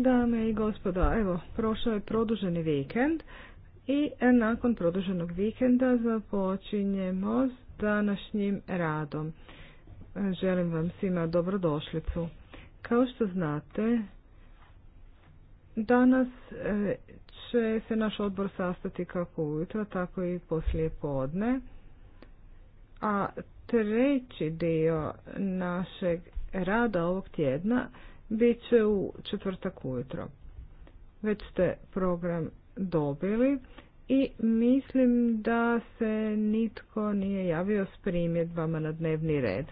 Dame i gospoda, evo, prošao je produženi vikend i nakon produženog vikenda započinjemo s današnjim radom. Želim vam svima dobrodošlicu. Kao što znate, danas e, će se naš odbor sastati kako ujutro, tako i poslije podne. A treći dio našeg rada ovog tjedna bit će u četvrtak ujutro. Već ste program dobili i mislim da se nitko nije javio s primjedbama na dnevni red.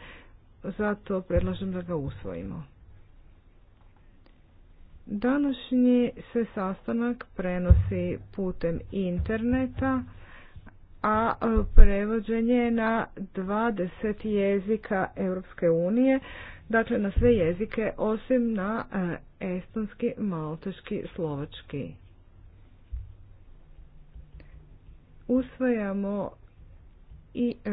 Zato predlažem da ga usvojimo. Današnji se sastanak prenosi putem interneta, a prevođenje je na 20 jezika Europske unije dakle na sve jezike osim na e, estonski, malteški, slovački. Usvajamo i e,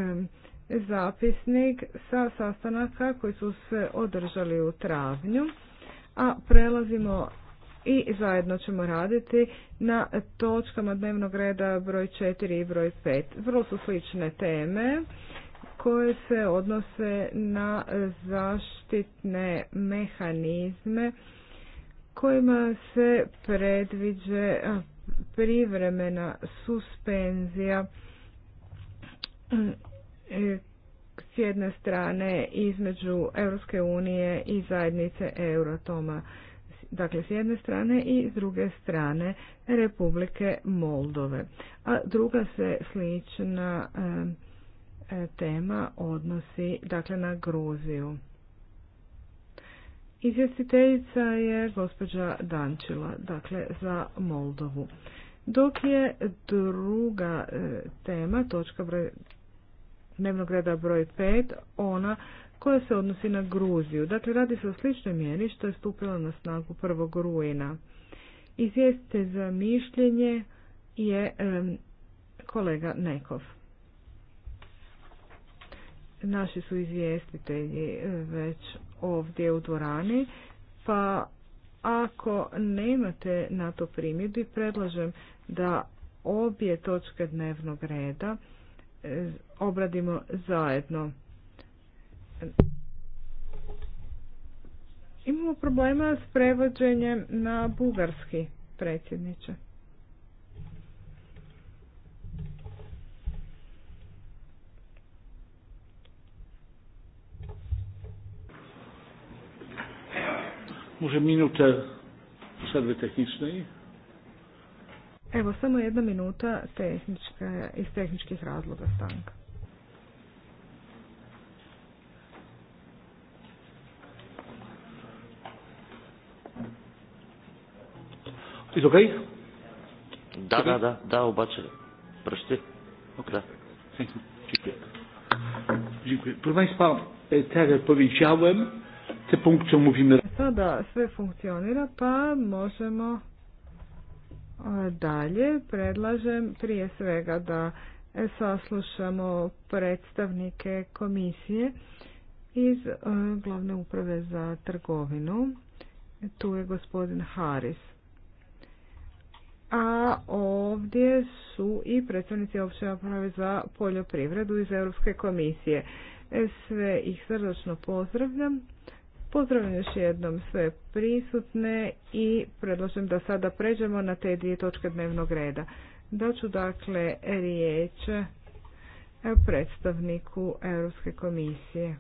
zapisnik sa sastanaka koji su se održali u travnju, a prelazimo i zajedno ćemo raditi na točkama dnevnog reda broj 4 i broj 5. Vrlo su slične teme koje se odnose na zaštitne mehanizme kojima se predviđe privremena suspenzija s jedne strane između Europske unije i zajednice Eurotoma. Dakle, s jedne strane i s druge strane Republike Moldove. A druga se slična E, tema odnosi dakle na Gruziju. Izvjestiteljica je gospođa Dančila, dakle za Moldovu. Dok je druga e, tema, točka broj, dnevnog reda broj 5, ona koja se odnosi na Gruziju. Dakle, radi se o sličnoj mjeri što je stupila na snagu prvog rujna. Izvijestite za mišljenje je kolega Nekov naši su izvjestitelji e, već ovdje u dvorani, pa ako nemate na to primjedbi, predlažem da obje točke dnevnog reda e, obradimo zajedno. Imamo problema s prevođenjem na bugarski predsjedniče. Može minutę przerwy technicznej. Evo, samo jedna minuta tehnička, iz tehničkih razloga stanka. Is okay? Da, da, da, da, obače. Prošli. Ok. Da. Dziękuję. Dziękuję. Proszę Państwa, e, tak jak powiedziałem, te punkty mówimy sada sve funkcionira, pa možemo dalje. Predlažem prije svega da saslušamo predstavnike komisije iz glavne uprave za trgovinu. Tu je gospodin Haris. A ovdje su i predstavnici opće uprave za poljoprivredu iz Europske komisije. E, sve ih srdačno pozdravljam Pozdravljam još jednom sve prisutne i predlažem da sada pređemo na te dvije točke dnevnog reda. Daću dakle riječ e, predstavniku Europske komisije.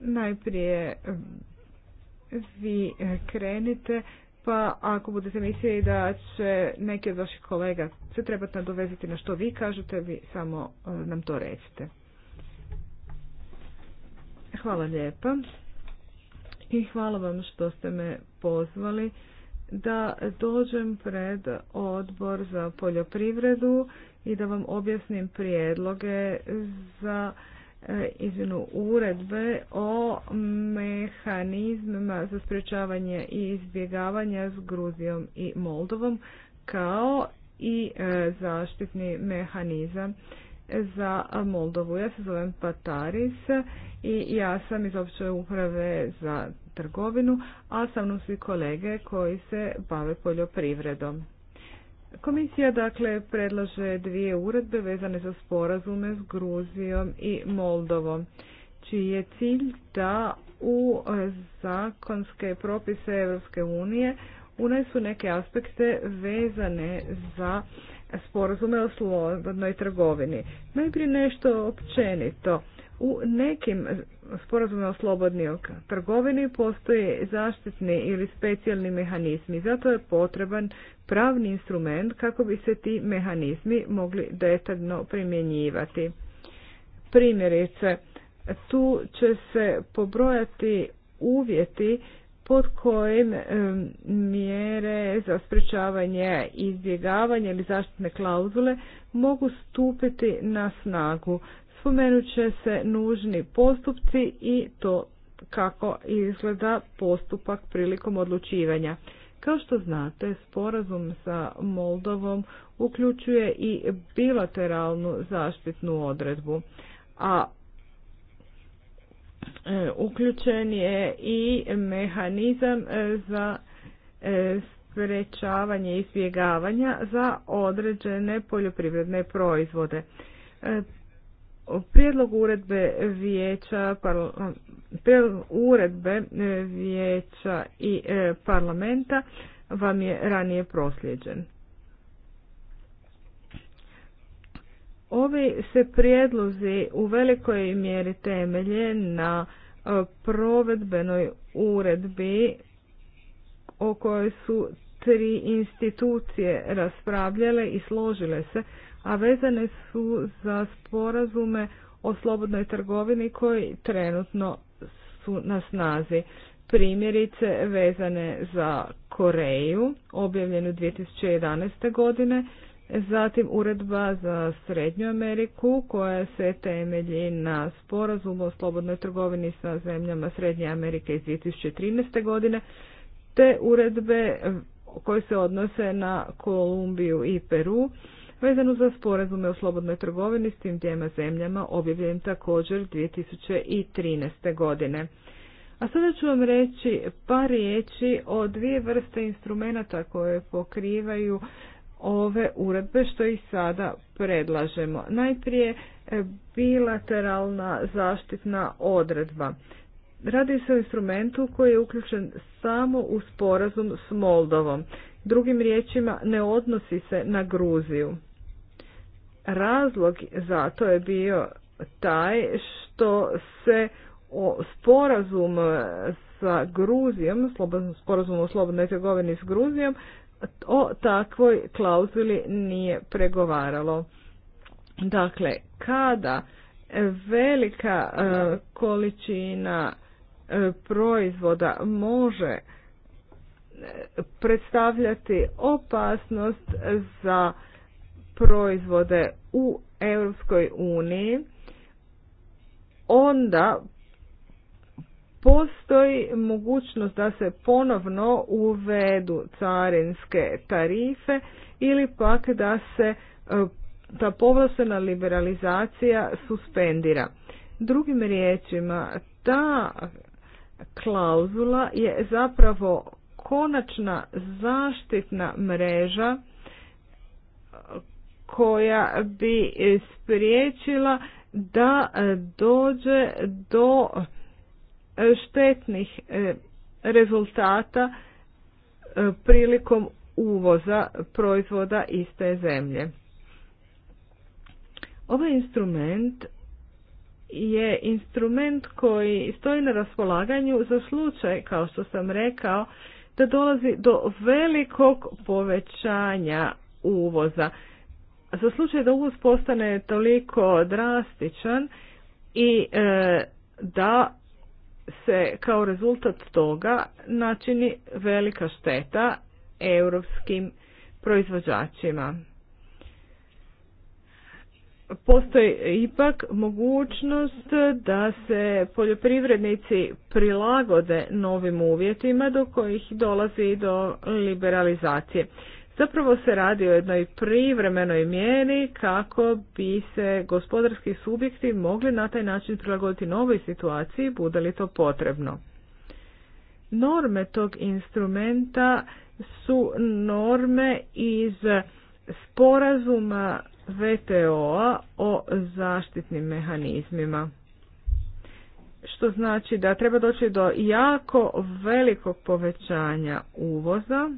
Najprije e, vi e, krenite, pa ako budete mislili da će neki od vaših kolega se trebati nadovezati na što vi kažete, vi samo nam to recite. Hvala lijepa i hvala vam što ste me pozvali da dođem pred odbor za poljoprivredu i da vam objasnim prijedloge za e, izvinu uredbe o mehanizmima za sprječavanje i izbjegavanja s Gruzijom i Moldovom kao i e, zaštitni mehanizam za Moldovu. Ja se zovem Pataris i ja sam iz opće uprave za trgovinu, a sa mnom svi kolege koji se bave poljoprivredom. Komisija dakle predlaže dvije uredbe vezane za sporazume s Gruzijom i Moldovom, čiji je cilj da u zakonske propise Europske unije unesu neke aspekte vezane za sporazume o slobodnoj trgovini. Najprije nešto općenito. U nekim sporazumima o slobodnoj trgovini postoje zaštitni ili specijalni mehanizmi, zato je potreban pravni instrument kako bi se ti mehanizmi mogli detaljno primjenjivati. Primjerice, tu će se pobrojati uvjeti pod kojim mjere za sprečavanje izbjegavanje ili zaštitne klauzule mogu stupiti na snagu. Spomenut će se nužni postupci i to kako izgleda postupak prilikom odlučivanja. Kao što znate, sporazum sa Moldovom uključuje i bilateralnu zaštitnu odredbu, a E, uključen je i mehanizam e, za e, sprečavanje izbjegavanja za određene poljoprivredne proizvode. Prijedlog uredbe vijeća uredbe vijeća i parlamenta vam je ranije proslijeđen. Ovi se prijedlozi u velikoj mjeri temelje na e, provedbenoj uredbi o kojoj su tri institucije raspravljale i složile se, a vezane su za sporazume o slobodnoj trgovini koji trenutno su na snazi. Primjerice vezane za Koreju, objavljenu 2011. godine, Zatim uredba za Srednju Ameriku koja se temelji na sporazumu o slobodnoj trgovini sa zemljama Srednje Amerike iz 2013. godine te uredbe koje se odnose na Kolumbiju i Peru vezano za sporazume o slobodnoj trgovini s tim dvijema zemljama objavljen također 2013. godine. A sada ću vam reći par riječi o dvije vrste instrumenata koje pokrivaju ove uredbe što i sada predlažemo. Najprije e, bilateralna zaštitna odredba. Radi se o instrumentu koji je uključen samo u sporazum s Moldovom. Drugim riječima ne odnosi se na Gruziju. Razlog za to je bio taj što se o sporazum e, sa Gruzijom, sporazum o slobodnoj trgovini s Gruzijom, o takvoj klauzuli nije pregovaralo. Dakle, kada velika e, količina e, proizvoda može e, predstavljati opasnost za proizvode u Europskoj uniji, onda postoji mogućnost da se ponovno uvedu carinske tarife ili pak da se e, ta povlaštena liberalizacija suspendira. Drugim riječima, ta klauzula je zapravo konačna zaštitna mreža e, koja bi spriječila da dođe do štetnih e, rezultata e, prilikom uvoza proizvoda iz te zemlje. Ovaj instrument je instrument koji stoji na raspolaganju za slučaj, kao što sam rekao, da dolazi do velikog povećanja uvoza. Za slučaj da uvoz postane toliko drastičan i e, da se kao rezultat toga načini velika šteta europskim proizvođačima. Postoji ipak mogućnost da se poljoprivrednici prilagode novim uvjetima do kojih dolazi do liberalizacije. Zapravo se radi o jednoj privremenoj mjeri kako bi se gospodarski subjekti mogli na taj način prilagoditi novoj situaciji, bude li to potrebno. Norme tog instrumenta su norme iz sporazuma VTO-a o zaštitnim mehanizmima. Što znači da treba doći do jako velikog povećanja uvoza,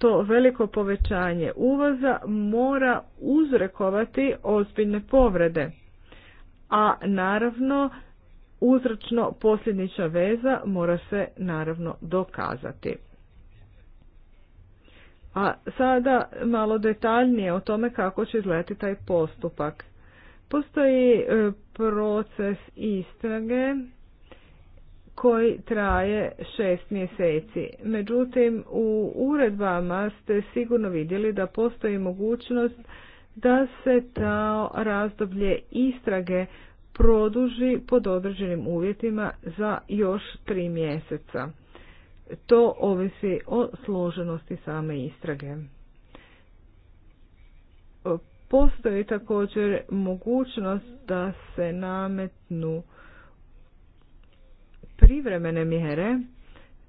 to veliko povećanje uvoza mora uzrekovati ozbiljne povrede. A naravno uzročno posljedniča veza mora se naravno dokazati. A sada malo detaljnije o tome kako će izgledati taj postupak. Postoji e, proces istrage koji traje šest mjeseci. Međutim, u uredbama ste sigurno vidjeli da postoji mogućnost da se ta razdoblje istrage produži pod određenim uvjetima za još tri mjeseca. To ovisi o složenosti same istrage. Postoji također mogućnost da se nametnu privremene mjere,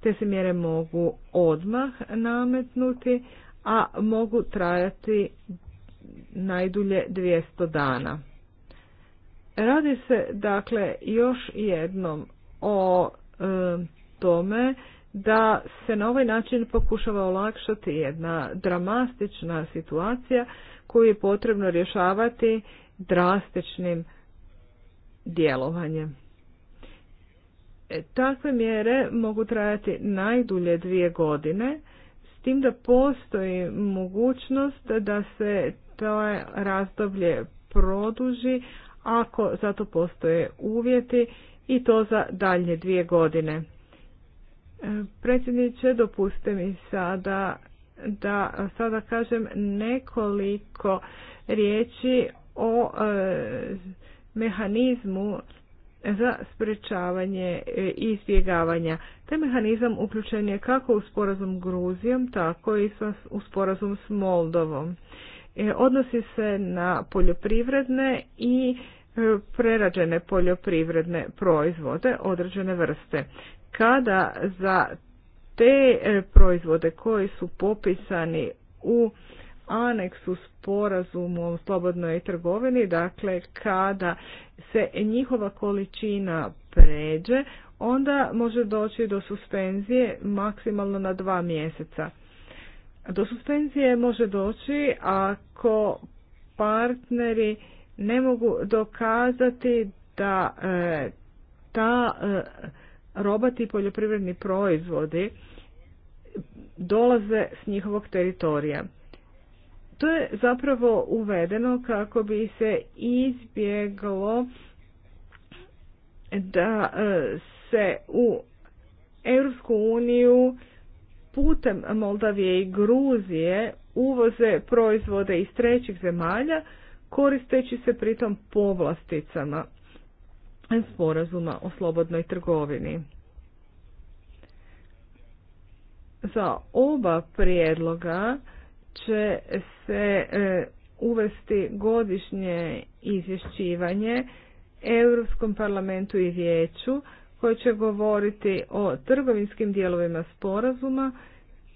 te se mjere mogu odmah nametnuti, a mogu trajati najdulje 200 dana. Radi se dakle još jednom o e, tome da se na ovaj način pokušava olakšati jedna dramastična situacija koju je potrebno rješavati drastičnim djelovanjem. E, takve mjere mogu trajati najdulje dvije godine, s tim da postoji mogućnost da se to razdoblje produži ako zato postoje uvjeti i to za dalje dvije godine. E, predsjedniče, dopuste mi sada da sada kažem nekoliko riječi o e, mehanizmu za sprečavanje e, i izbjegavanja. Taj mehanizam uključen je kako u sporazum Gruzijom, tako i u sporazum s Moldovom. E, odnosi se na poljoprivredne i e, prerađene poljoprivredne proizvode određene vrste. Kada za te proizvode koji su popisani u aneksu sporazumu o slobodnoj trgovini, dakle kada se njihova količina pređe, onda može doći do suspenzije maksimalno na dva mjeseca. Do suspenzije može doći ako partneri ne mogu dokazati da e, ta e, roba poljoprivredni proizvodi dolaze s njihovog teritorija. To je zapravo uvedeno kako bi se izbjeglo da e, se u Europsku uniju putem Moldavije i Gruzije uvoze proizvode iz trećih zemalja koristeći se pritom povlasticama sporazuma o slobodnoj trgovini. Za oba prijedloga će se e, uvesti godišnje izvješćivanje Europskom parlamentu i vijeću koje će govoriti o trgovinskim dijelovima sporazuma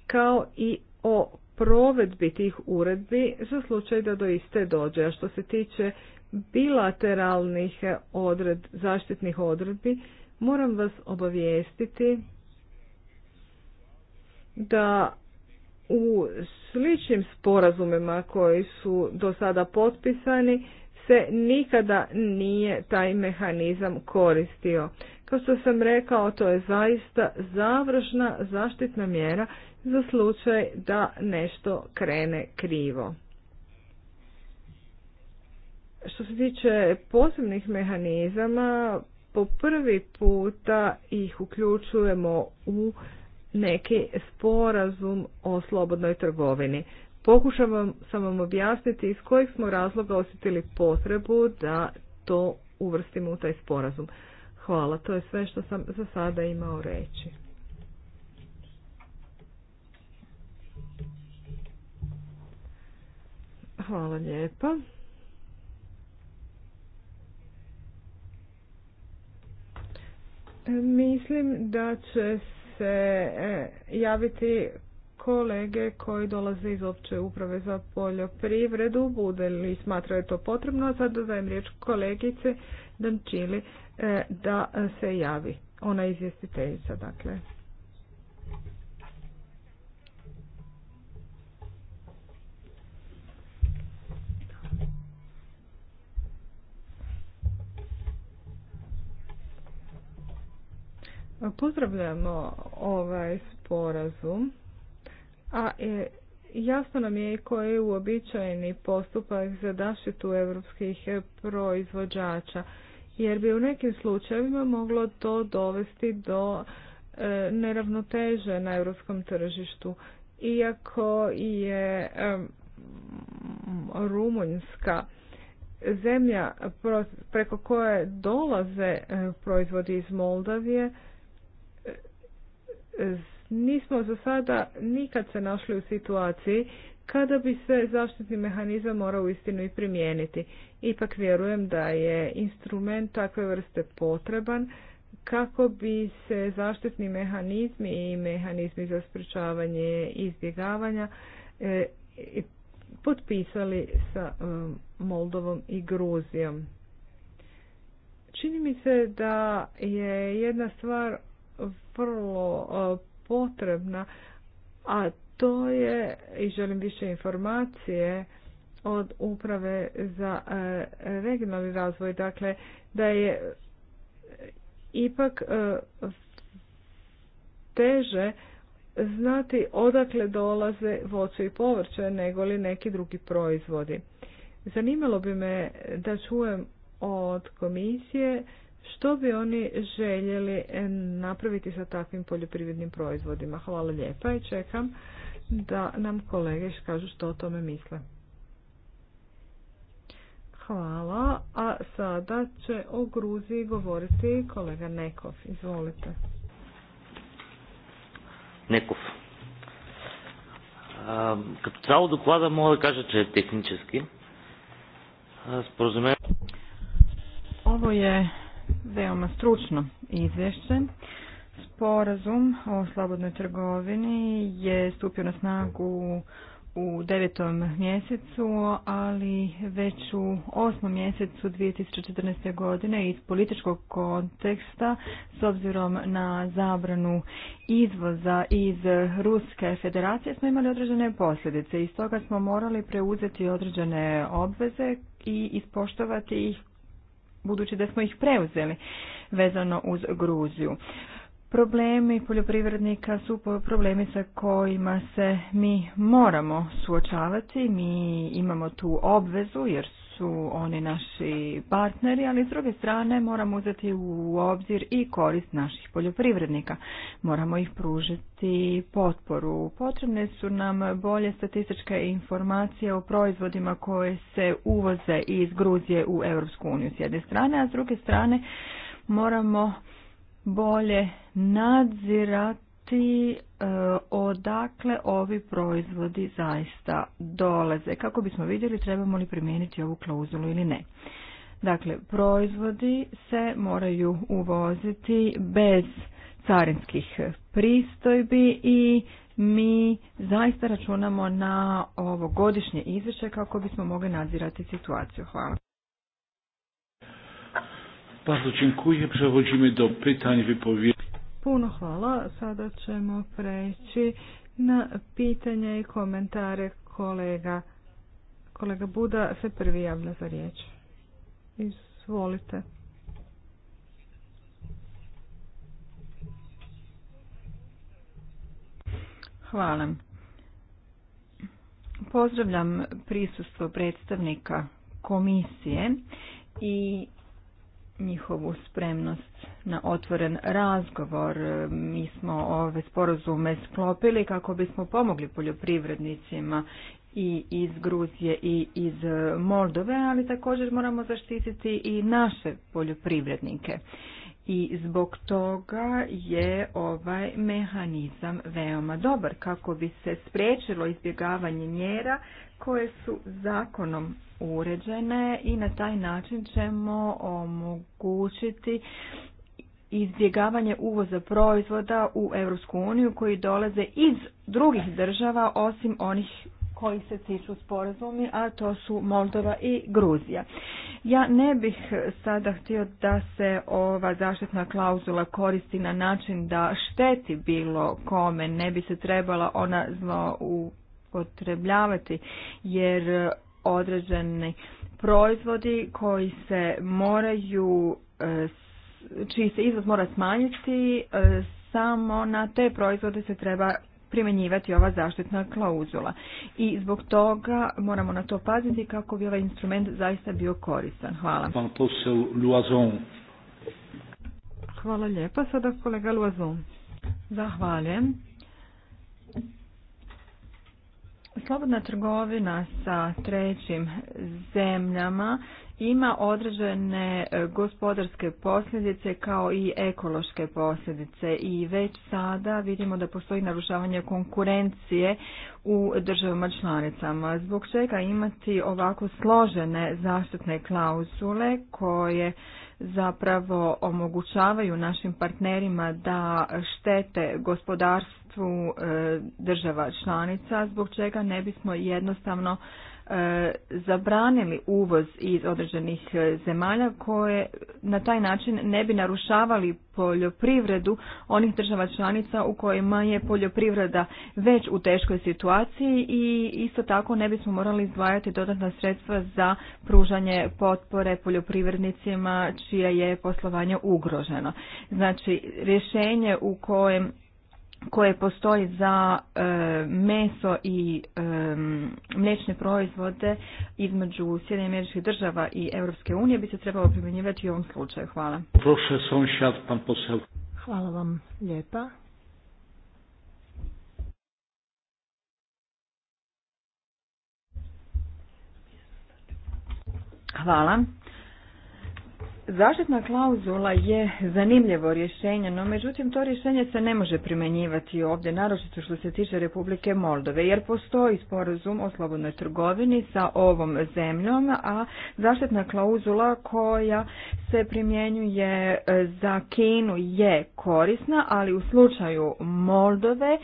kao i o provedbi tih uredbi za slučaj da do iste dođe. A što se tiče bilateralnih odred, zaštitnih odredbi, moram vas obavijestiti da u sličnim sporazumima koji su do sada potpisani se nikada nije taj mehanizam koristio. Kao što sam rekao, to je zaista završna zaštitna mjera za slučaj da nešto krene krivo. Što se tiče posebnih mehanizama, po prvi puta ih uključujemo u neki sporazum o slobodnoj trgovini. Pokušavam sam vam objasniti iz kojih smo razloga osjetili potrebu da to uvrstimo u taj sporazum. Hvala, to je sve što sam za sada imao reći. Hvala lijepa. Mislim da će se e, javiti kolege koji dolaze iz opće uprave za poljoprivredu, bude li smatraju to potrebno, a sada dajem riječ kolegice Dančili e, da se javi. Ona je izvjestiteljica, dakle. Pozdravljamo ovaj sporazum, a e, jasno nam je koji je uobičajeni postupak za zaštitu europskih proizvođača, jer bi u nekim slučajevima moglo to dovesti do e, neravnoteže na europskom tržištu. Iako je e, Rumunjska zemlja preko koje dolaze proizvodi iz Moldavije, nismo za sada nikad se našli u situaciji kada bi se zaštitni mehanizam morao uistinu i primijeniti. Ipak vjerujem da je instrument takve vrste potreban kako bi se zaštitni mehanizmi i mehanizmi za sprečavanje izbjegavanja e, potpisali sa e, Moldovom i Gruzijom. Čini mi se da je jedna stvar vrlo e, potrebna, a to je, i želim više informacije, od uprave za e, regionalni razvoj, dakle da je ipak e, teže znati odakle dolaze voće i povrće nego li neki drugi proizvodi. Zanimalo bi me da čujem od komisije što bi oni željeli e, napraviti sa takvim poljoprivrednim proizvodima? Hvala lijepa i čekam da nam kolege kažu što o tome misle. Hvala. A sada će o Gruziji govoriti kolega Nekov. Izvolite. Nekov. като цяло доклада мога да кажа, че tehnički. Ovo je veoma stručno izvješće. Sporazum o slobodnoj trgovini je stupio na snagu u devetom mjesecu, ali već u osmom mjesecu 2014. godine iz političkog konteksta, s obzirom na zabranu izvoza iz Ruske federacije, smo imali određene posljedice i stoga smo morali preuzeti određene obveze i ispoštovati ih budući da smo ih preuzeli vezano uz Gruziju. Problemi poljoprivrednika su problemi sa kojima se mi moramo suočavati, mi imamo tu obvezu jer su oni naši partneri, ali s druge strane moramo uzeti u obzir i korist naših poljoprivrednika. Moramo ih pružiti potporu. Potrebne su nam bolje statističke informacije o proizvodima koje se uvoze iz Gruzije u Europsku uniju s jedne strane, a s druge strane moramo bolje nadzirati e, odakle ovi proizvodi zaista dolaze. Kako bismo vidjeli trebamo li primijeniti ovu klauzulu ili ne. Dakle, proizvodi se moraju uvoziti bez carinskih pristojbi i mi zaista računamo na ovo godišnje izvješće kako bismo mogli nadzirati situaciju. Hvala. Bardzo dziękuję. Przechodzimy do pytań, wypowiedzi. Puno hvala. Sada ćemo preći na pitanja i komentare kolega. Kolega Buda se prvi javlja za riječ. Izvolite. Hvala. Pozdravljam prisustvo predstavnika komisije i njihovu spremnost na otvoren razgovor. E, mi smo ove sporazume sklopili kako bismo pomogli poljoprivrednicima i iz Gruzije i iz Moldove, ali također moramo zaštititi i naše poljoprivrednike. I zbog toga je ovaj mehanizam veoma dobar kako bi se spriječilo izbjegavanje mjera koje su zakonom uređene i na taj način ćemo omogućiti izbjegavanje uvoza proizvoda u Europsku uniju koji dolaze iz drugih država osim onih koji se tiču sporazumi, a to su Moldova i Gruzija. Ja ne bih sada htio da se ova zaštitna klauzula koristi na način da šteti bilo kome, ne bi se trebala ona zlo u upotrebljavati jer određeni proizvodi koji se moraju e, čiji se izvod mora smanjiti e, samo na te proizvode se treba primjenjivati ova zaštitna klauzula i zbog toga moramo na to paziti kako bi ovaj instrument zaista bio koristan. Hvala. Hvala lijepa. Sada kolega Luazon. Zahvaljujem. Slobodna trgovina sa trećim zemljama ima određene e, gospodarske posljedice kao i ekološke posljedice i već sada vidimo da postoji narušavanje konkurencije u državama članicama. Zbog čega imati ovako složene zaštitne klauzule koje zapravo omogućavaju našim partnerima da štete gospodarstvu e, država članica, zbog čega ne bismo jednostavno E, zabranili uvoz iz određenih e, zemalja koje na taj način ne bi narušavali poljoprivredu onih država članica u kojima je poljoprivreda već u teškoj situaciji i isto tako ne bismo morali izdvajati dodatna sredstva za pružanje potpore poljoprivrednicima čije je poslovanje ugroženo. Znači rješenje u kojem koje postoji za e, meso i e, mlječne proizvode između Sjedinjenih Američke država i Europske unije bi se trebalo primjenjivati u ovom slučaju. Hvala. Hvala vam lijepa. Hvala. Zaštitna klauzula je zanimljivo rješenje, no međutim to rješenje se ne može primjenjivati ovdje, naročito što se tiče Republike Moldove, jer postoji sporazum o slobodnoj trgovini sa ovom zemljom, a zaštitna klauzula koja se primjenjuje e, za Kinu je korisna, ali u slučaju Moldove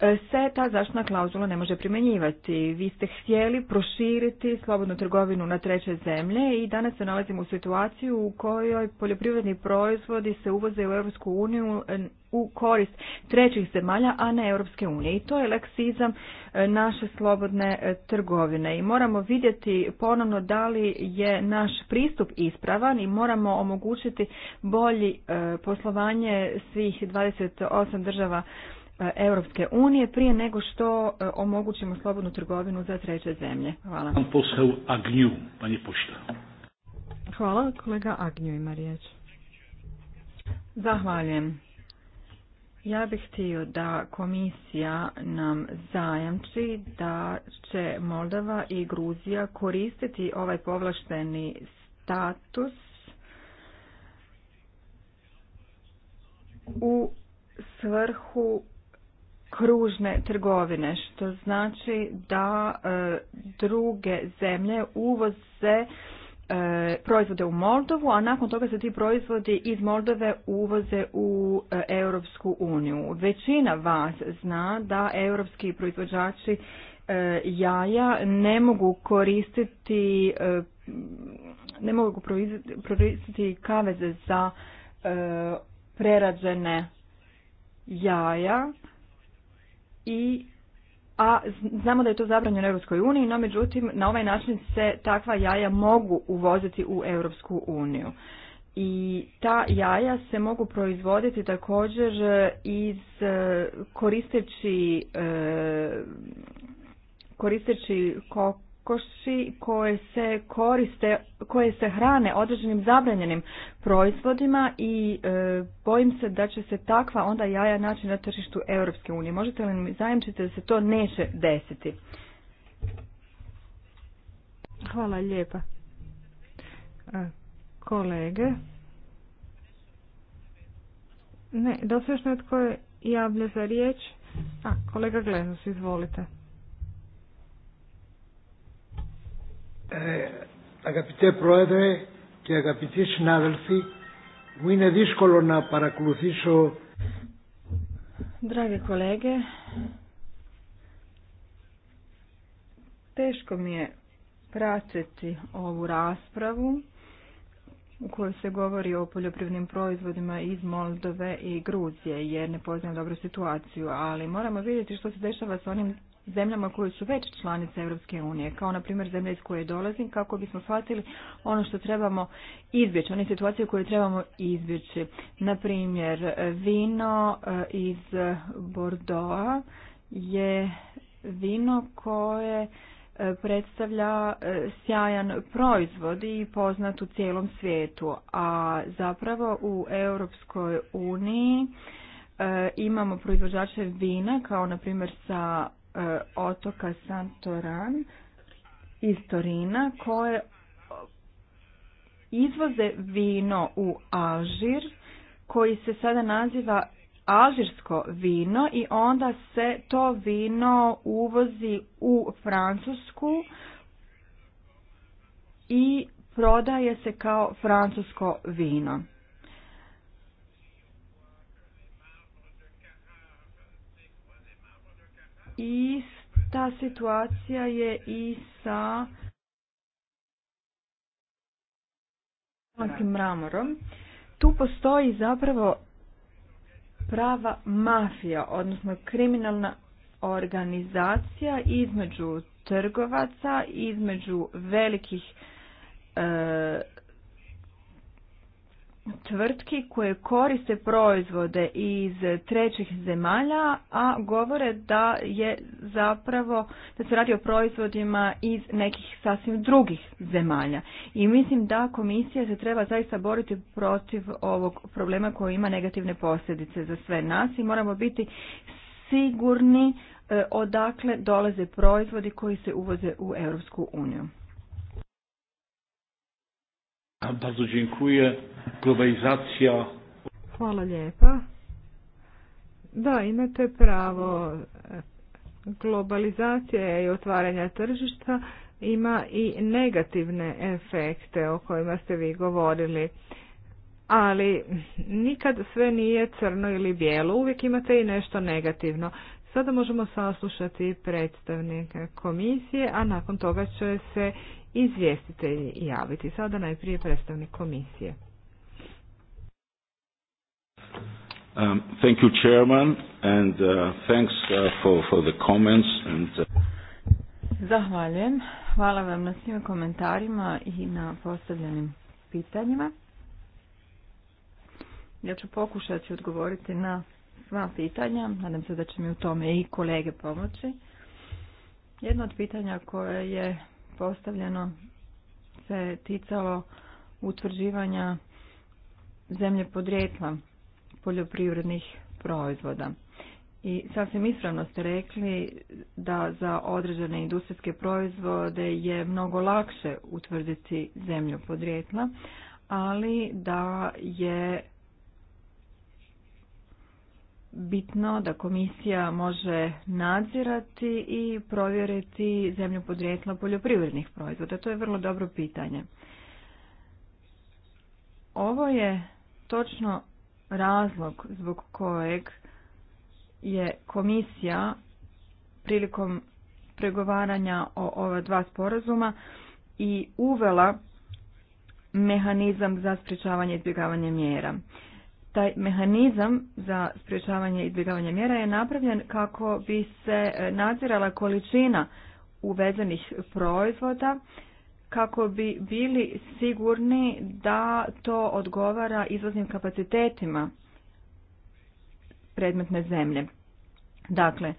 E, se ta zaštitna klauzula ne može primjenjivati. Vi ste htjeli proširiti slobodnu trgovinu na treće zemlje i danas se nalazimo u situaciju u kojoj poljoprivredni proizvodi se uvoze u Europsku uniju e, u korist trećih zemalja, a ne Europske unije. I to je leksizam e, naše slobodne trgovine. I moramo vidjeti ponovno da li je naš pristup ispravan i moramo omogućiti bolji poslovanje svih 28 država E, Europske unije prije nego što e, omogućimo slobodnu trgovinu za treće zemlje. Hvala. Hvala, kolega Agnju ima riječ. Zahvaljujem. Ja bih htio da komisija nam zajamči da će Moldava i Gruzija koristiti ovaj povlašteni status u svrhu kružne trgovine, što znači da e, druge zemlje uvoze e, proizvode u Moldovu, a nakon toga se ti proizvodi iz Moldove uvoze u e, Europsku uniju. Većina vas zna da europski proizvođači jaja ne mogu koristiti ne mogu koristiti kaveze za prerađene jaja i a znamo da je to zabranjeno u Europskoj uniji, no međutim na ovaj način se takva jaja mogu uvoziti u Europsku uniju. I ta jaja se mogu proizvoditi također iz e, koristeći e, koristeći kok koje se koriste, koje se hrane određenim zabranjenim proizvodima i e, bojim se da će se takva onda jaja naći na tržištu Europske unije. Možete li mi zajamčiti da se to neće desiti? Hvala lijepa. E, kolege. Ne, da se još netko javlja za riječ. A, kolega Glenus, izvolite. Ε, αγαπητέ Πρόεδρε και αγαπητοί συνάδελφοι, μου είναι δύσκολο να Drage kolege, teško mi je pratiti ovu raspravu u kojoj se govori o poljoprivrednim proizvodima iz Moldove i Gruzije jer ne poznajem dobru situaciju, ali moramo vidjeti što se dešava s onim zemljama koje su već članice Europske unije, kao na primjer zemlje iz koje dolazim, kako bismo shvatili ono što trebamo izbjeći, one situacije koje trebamo izbjeći. Na primjer, vino eh, iz Bordeaux je vino koje eh, predstavlja eh, sjajan proizvod i poznat u cijelom svijetu, a zapravo u Europskoj uniji imamo proizvođače vina kao na primjer sa E, otoka Santoran iz Torina koje izvoze vino u Alžir koji se sada naziva alžirsko vino i onda se to vino uvozi u Francusku i prodaje se kao francusko vino. Ista situacija je i sa mramorom. Tu postoji zapravo prava mafija, odnosno kriminalna organizacija između trgovaca, između velikih e, tvrtki koje koriste proizvode iz trećih zemalja, a govore da je zapravo, da se radi o proizvodima iz nekih sasvim drugih zemalja. I mislim da komisija se treba zaista boriti protiv ovog problema koji ima negativne posljedice za sve nas i moramo biti sigurni e, odakle dolaze proizvodi koji se uvoze u Europsku uniju. Bardzo dziękuję. Globalizacja. Hvala lijepa. Da, imate pravo. Globalizacija i otvaranje tržišta ima i negativne efekte o kojima ste vi govorili. Ali nikad sve nije crno ili bijelo, uvijek imate i nešto negativno. Sada možemo saslušati predstavnike komisije, a nakon toga će se izvjestitelji javiti. Sada najprije predstavnik komisije. Um, thank you, Chairman, and uh, thanks uh, for, the comments. Uh, Zahvaljujem. Hvala vam na svim komentarima i na postavljenim pitanjima. Ja ću pokušati odgovoriti na sva pitanja. Nadam se da će mi u tome i kolege pomoći. Jedno od pitanja koje je postavljeno se ticalo utvrđivanja zemlje podrijetla poljoprivrednih proizvoda. I sasvim ispravno ste rekli da za određene industrijske proizvode je mnogo lakše utvrditi zemlju podrijetla, ali da je bitno da komisija može nadzirati i provjeriti zemlju podrijetla poljoprivrednih proizvoda. To je vrlo dobro pitanje. Ovo je točno razlog zbog kojeg je komisija prilikom pregovaranja o ova dva sporazuma i uvela mehanizam za sprječavanje izbjegavanje mjera taj mehanizam za sprječavanje i izbjegavanje mjera je napravljen kako bi se e, nadzirala količina uvezenih proizvoda kako bi bili sigurni da to odgovara izvoznim kapacitetima predmetne zemlje. Dakle,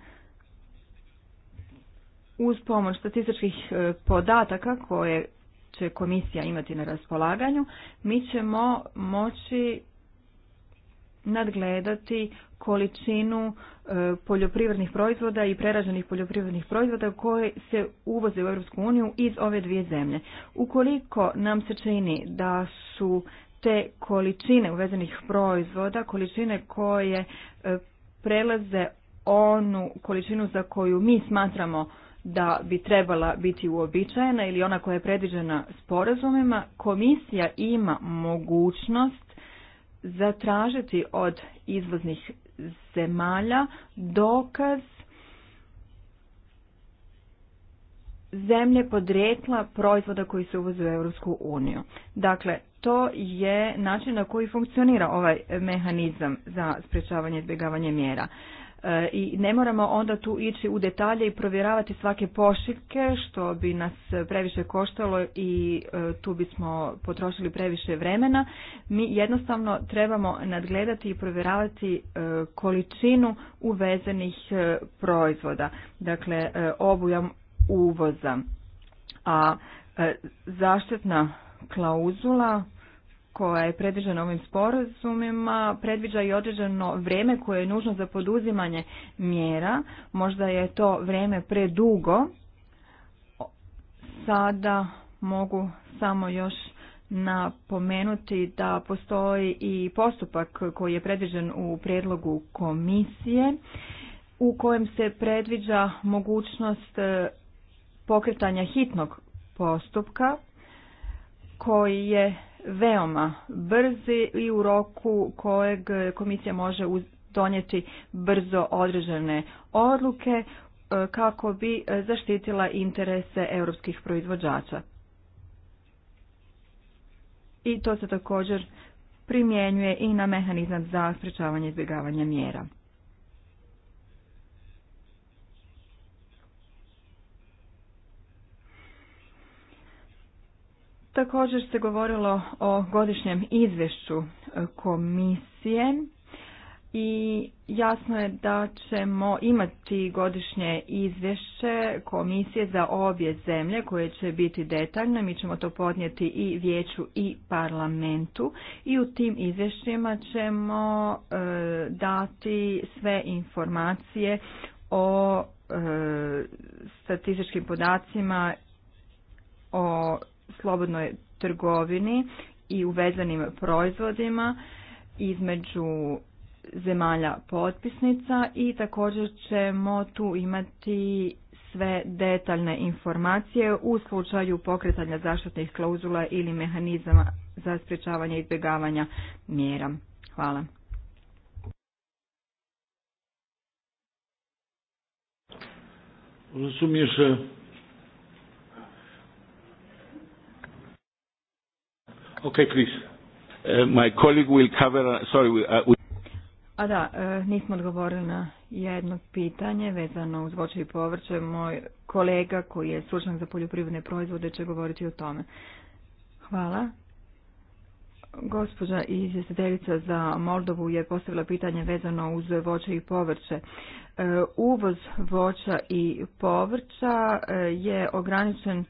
uz pomoć statističkih e, podataka koje će komisija imati na raspolaganju, mi ćemo moći nadgledati količinu e, poljoprivrednih proizvoda i preraženih poljoprivrednih proizvoda koje se uvoze u Europsku uniju iz ove dvije zemlje. Ukoliko nam se čini da su te količine uvezenih proizvoda, količine koje e, prelaze onu količinu za koju mi smatramo da bi trebala biti uobičajena ili ona koja je predviđena sporazumima, komisija ima mogućnost zatražiti od izvoznih zemalja dokaz zemlje podrijetla proizvoda koji se uvoze u Europsku uniju. Dakle, to je način na koji funkcionira ovaj mehanizam za sprječavanje izbjegavanje mjera. E, i ne moramo onda tu ići u detalje i provjeravati svake pošiljke što bi nas previše koštalo i e, tu bismo potrošili previše vremena. Mi jednostavno trebamo nadgledati i provjeravati e, količinu uvezenih proizvoda, dakle obujam uvoza. A zaštetna klauzula koja je predviđena ovim sporazumima predviđa i određeno vrijeme koje je nužno za poduzimanje mjera. Možda je to vrijeme predugo. Sada mogu samo još napomenuti da postoji i postupak koji je predviđen u prijedlogu komisije u kojem se predviđa mogućnost e, pokretanja hitnog postupka koji je veoma brzi i u roku kojeg komisija može donijeti brzo određene odluke e, kako bi zaštitila interese europskih proizvođača. I to se također primjenjuje i na mehanizam za sprečavanje izbjegavanja mjera. Također se govorilo o godišnjem izvješću e, komisije i jasno je da ćemo imati godišnje izvješće komisije za obje zemlje koje će biti detaljne. Mi ćemo to podnijeti i vijeću i parlamentu i u tim izvješćima ćemo e, dati sve informacije o e, statističkim podacima o slobodnoj trgovini i uvezanim proizvodima između zemalja potpisnica i također ćemo tu imati sve detaljne informacije u slučaju pokretanja zaštitnih klauzula ili mehanizama za sprječavanje izbjegavanja mjera. Hvala. Okay, please. Uh, my colleague will cover, uh, sorry, uh, we... A da, nismo odgovorili na jedno pitanje vezano uz voće i povrće. Moj kolega koji je stručnjak za poljoprivredne proizvode će govoriti o tome. Hvala. Gospođa izvjestiteljica za Moldovu je postavila pitanje vezano uz voće i povrće. Uvoz voća i povrća je ograničen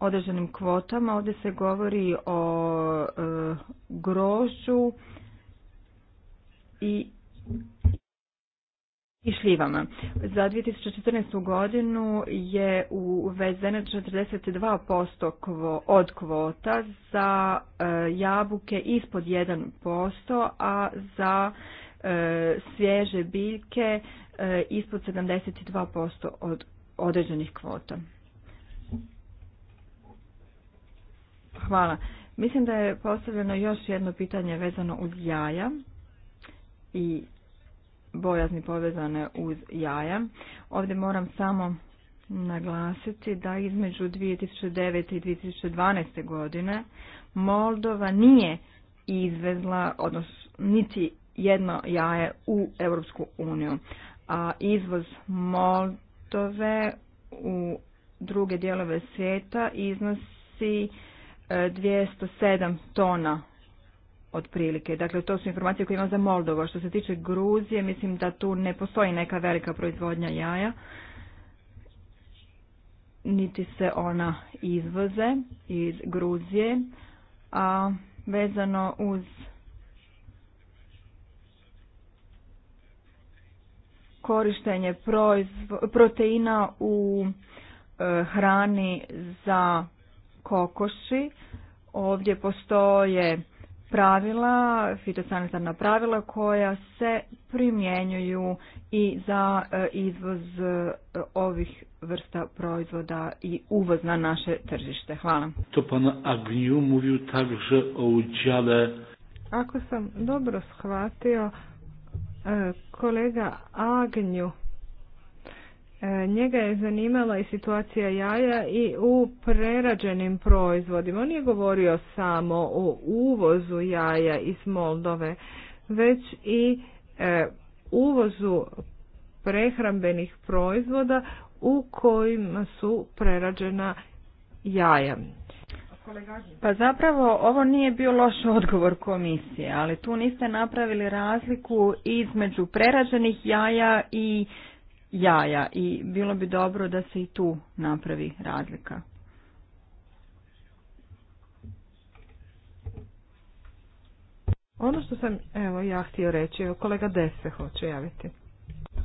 određenim kvotama. Ovdje se govori o e, grožu i i šljivama. Za 2014. godinu je uvezeno 42% od kvota za e, jabuke ispod 1%, a za e, svježe biljke ispod 72% od određenih kvota. Hvala. Mislim da je postavljeno još jedno pitanje vezano uz jaja i bojazni povezane uz jaja. Ovdje moram samo naglasiti da između 2009. i 2012. godine Moldova nije izvezla, odnosno niti jedno jaje u Europsku uniju. A izvoz Moldove u druge dijelove svijeta iznosi 207 tona otprilike. Dakle, to su informacije koje imamo za Moldovo. Što se tiče Gruzije, mislim da tu ne postoji neka velika proizvodnja jaja, niti se ona izvoze iz Gruzije, a vezano uz korištenje proteina u e, hrani za kokoši. Ovdje postoje pravila, fitosanitarna pravila koja se primjenjuju i za e, izvoz e, ovih vrsta proizvoda i uvoz na naše tržište. Hvala. To pan Agnju mówił także o Ako sam dobro shvatio, e, kolega Agnju E, njega je zanimala i situacija jaja i u prerađenim proizvodima. On je govorio samo o uvozu jaja iz Moldove, već i e, uvozu prehrambenih proizvoda u kojima su prerađena jaja. Pa zapravo ovo nije bio loš odgovor komisije, ali tu niste napravili razliku između prerađenih jaja i jaja i bilo bi dobro da se i tu napravi razlika. Ono što sam, evo, ja htio reći, kolega Dese hoće javiti.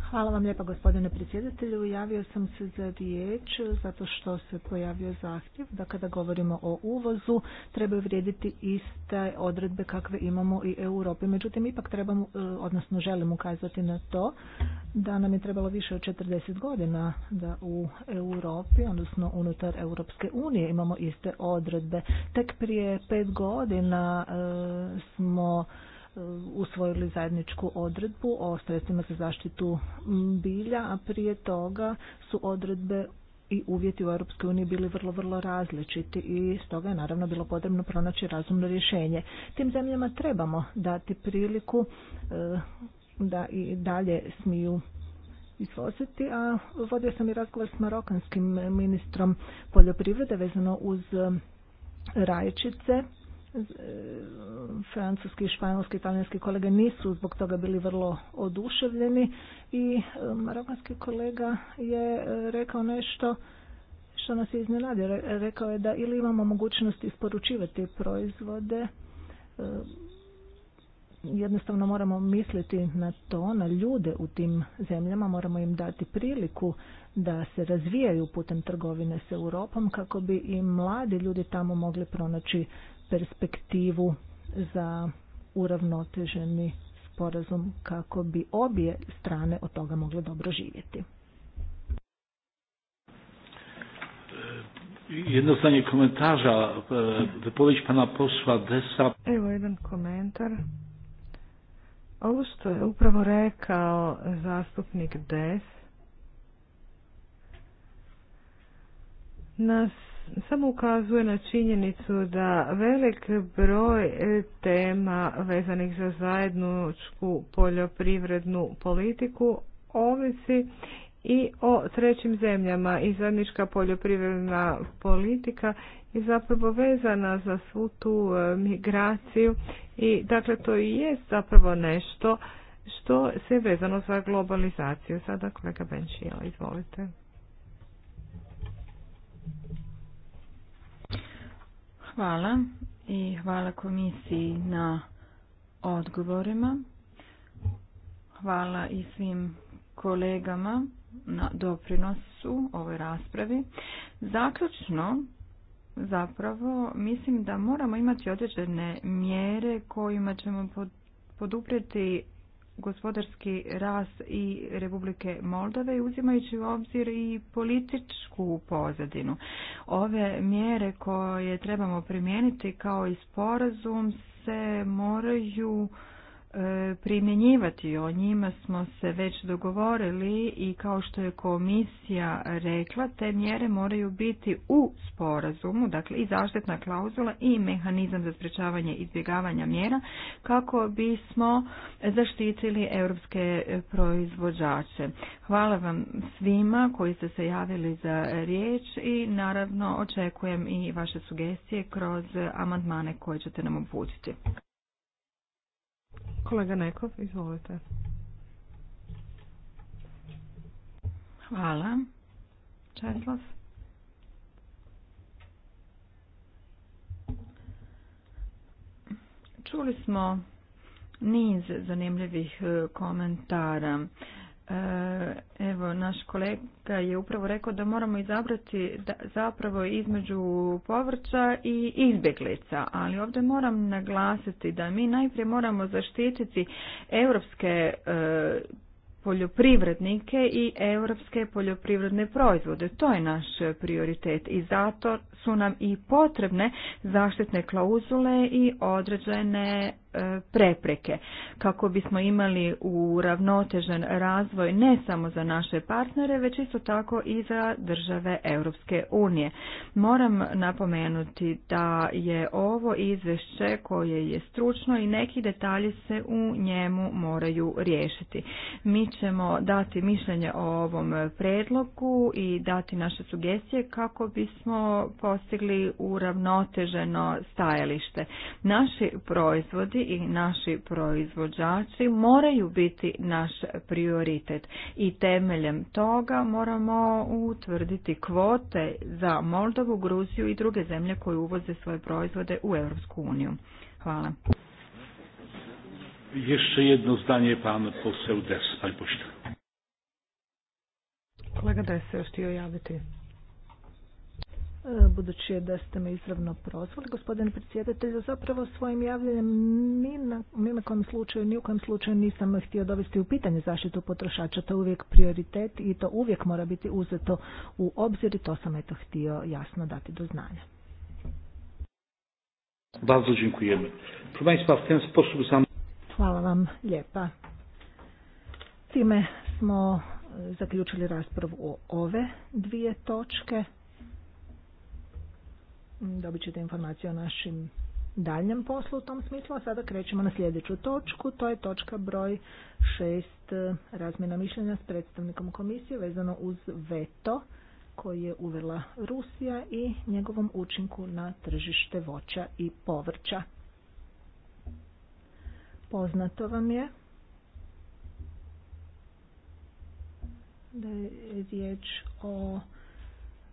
Hvala vam lijepa gospodine predsjedatelju. Javio sam se za riječ zato što se pojavio zahtjev da kada govorimo o uvozu trebaju vrijediti iste odredbe kakve imamo i Europi. Međutim, ipak trebamo, e, odnosno želim ukazati na to da nam je trebalo više od 40 godina da u Europi, odnosno unutar Europske unije imamo iste odredbe. Tek prije pet godina e, smo Eh, usvojili zajedničku odredbu o sredstvima za zaštitu mm, bilja, a prije toga su odredbe i uvjeti u Europskoj uniji bili vrlo, vrlo različiti i stoga je naravno bilo potrebno pronaći razumno rješenje. Tim zemljama trebamo dati priliku eh, da i dalje smiju izvoziti, a vodio sam i razgovor s marokanskim ministrom poljoprivrede vezano uz eh, rajčice francuski, španjolski, italijanski kolege nisu zbog toga bili vrlo oduševljeni i marokanski kolega je e, rekao nešto što nas je iznenadio. Rekao je da ili imamo mogućnost isporučivati proizvode, jednostavno moramo misliti na to, na ljude u tim zemljama, moramo im dati priliku da se razvijaju putem trgovine s Europom kako bi i mladi ljudi tamo mogli pronaći perspektivu za uravnoteženi sporazum kako bi obje strane od toga mogle dobro živjeti. E, Jednostavni komentar da e, pana posla Desa. Evo jedan komentar. Ovo što je upravo rekao zastupnik Des nas samo ukazuje na činjenicu da velik broj e, tema vezanih za zajedničku poljoprivrednu politiku ovisi i o trećim zemljama i zajednička poljoprivredna politika je zapravo vezana za svu tu e, migraciju i dakle to i je zapravo nešto što se je vezano za globalizaciju. Sada kolega Benčijel, izvolite. Hvala i hvala komisiji na odgovorima. Hvala i svim kolegama na doprinosu ovoj raspravi. Zaključno, zapravo, mislim da moramo imati određene mjere kojima ćemo poduprijeti gospodarski rast i Republike Moldove uzimajući u obzir i političku pozadinu. Ove mjere koje trebamo primijeniti kao i sporazum se moraju primjenjivati. O njima smo se već dogovorili i kao što je komisija rekla, te mjere moraju biti u sporazumu, dakle i zaštitna klauzula i mehanizam za sprečavanje izbjegavanja mjera kako bismo zaštitili europske proizvođače. Hvala vam svima koji ste se javili za riječ i naravno očekujem i vaše sugestije kroz amandmane koje ćete nam uputiti. Kolega Nekov, izvolite. Hvala. Česlav. Čuli smo niz zanimljivih e, komentara. E, evo, naš kolega je upravo rekao da moramo izabrati zapravo između povrća i izbjeglica, ali ovdje moram naglasiti da mi najprije moramo zaštititi europske e, poljoprivrednike i europske poljoprivredne proizvode. To je naš prioritet i zato su nam i potrebne zaštitne klauzule i određene E, prepreke kako bismo imali uravnotežen razvoj ne samo za naše partnere već isto tako i za države Europske unije. Moram napomenuti da je ovo izvješće koje je stručno i neki detalji se u njemu moraju riješiti. Mi ćemo dati mišljenje o ovom predlogu i dati naše sugestije kako bismo postigli uravnoteženo stajalište. Naši proizvodi i naši proizvođači moraju biti naš prioritet i temeljem toga moramo utvrditi kvote za Moldovu, Gruziju i druge zemlje koje uvoze svoje proizvode u Europsku uniju. Hvala. Ješće jedno zdanje, pan poseł Des, Kolega Des se još htio javiti budući je da ste me izravno prozvali, gospodine predsjedatelju, zapravo svojim javljanjem ni na, ni na kojem slučaju, ni u kojem slučaju nisam htio dovesti u pitanje zaštitu potrošača, to je uvijek prioritet i to uvijek mora biti uzeto u obzir i to sam eto htio jasno dati do znanja. Bardzo dziękujemy. Hvala vam lijepa. Time smo e, zaključili raspravu o ove dvije točke. Mm, dobit ćete informaciju o našim daljnjem poslu u tom smislu, a sada krećemo na sljedeću točku, to je točka broj šest e, razmjena mišljenja s predstavnikom komisije vezano uz veto koji je uvela Rusija i njegovom učinku na tržište voća i povrća. Poznato vam je da je riječ o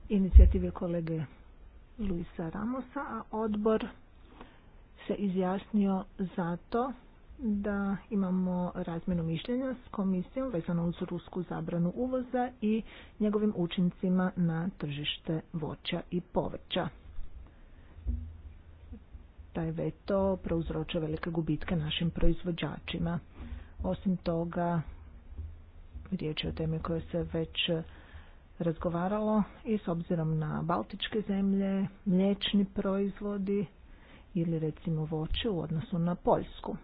inicijativi kolege Luisa Ramosa, a odbor se izjasnio zato da imamo razmjenu mišljenja s komisijom vezano uz rusku zabranu uvoza i njegovim učincima na tržište voća i povrća. Taj veto prouzroča velike gubitke našim proizvođačima. Osim toga, riječ je o temi koja se već razgovaralo i s obzirom na baltičke zemlje, mliječni proizvodi ili recimo voće u odnosu na Poljsku.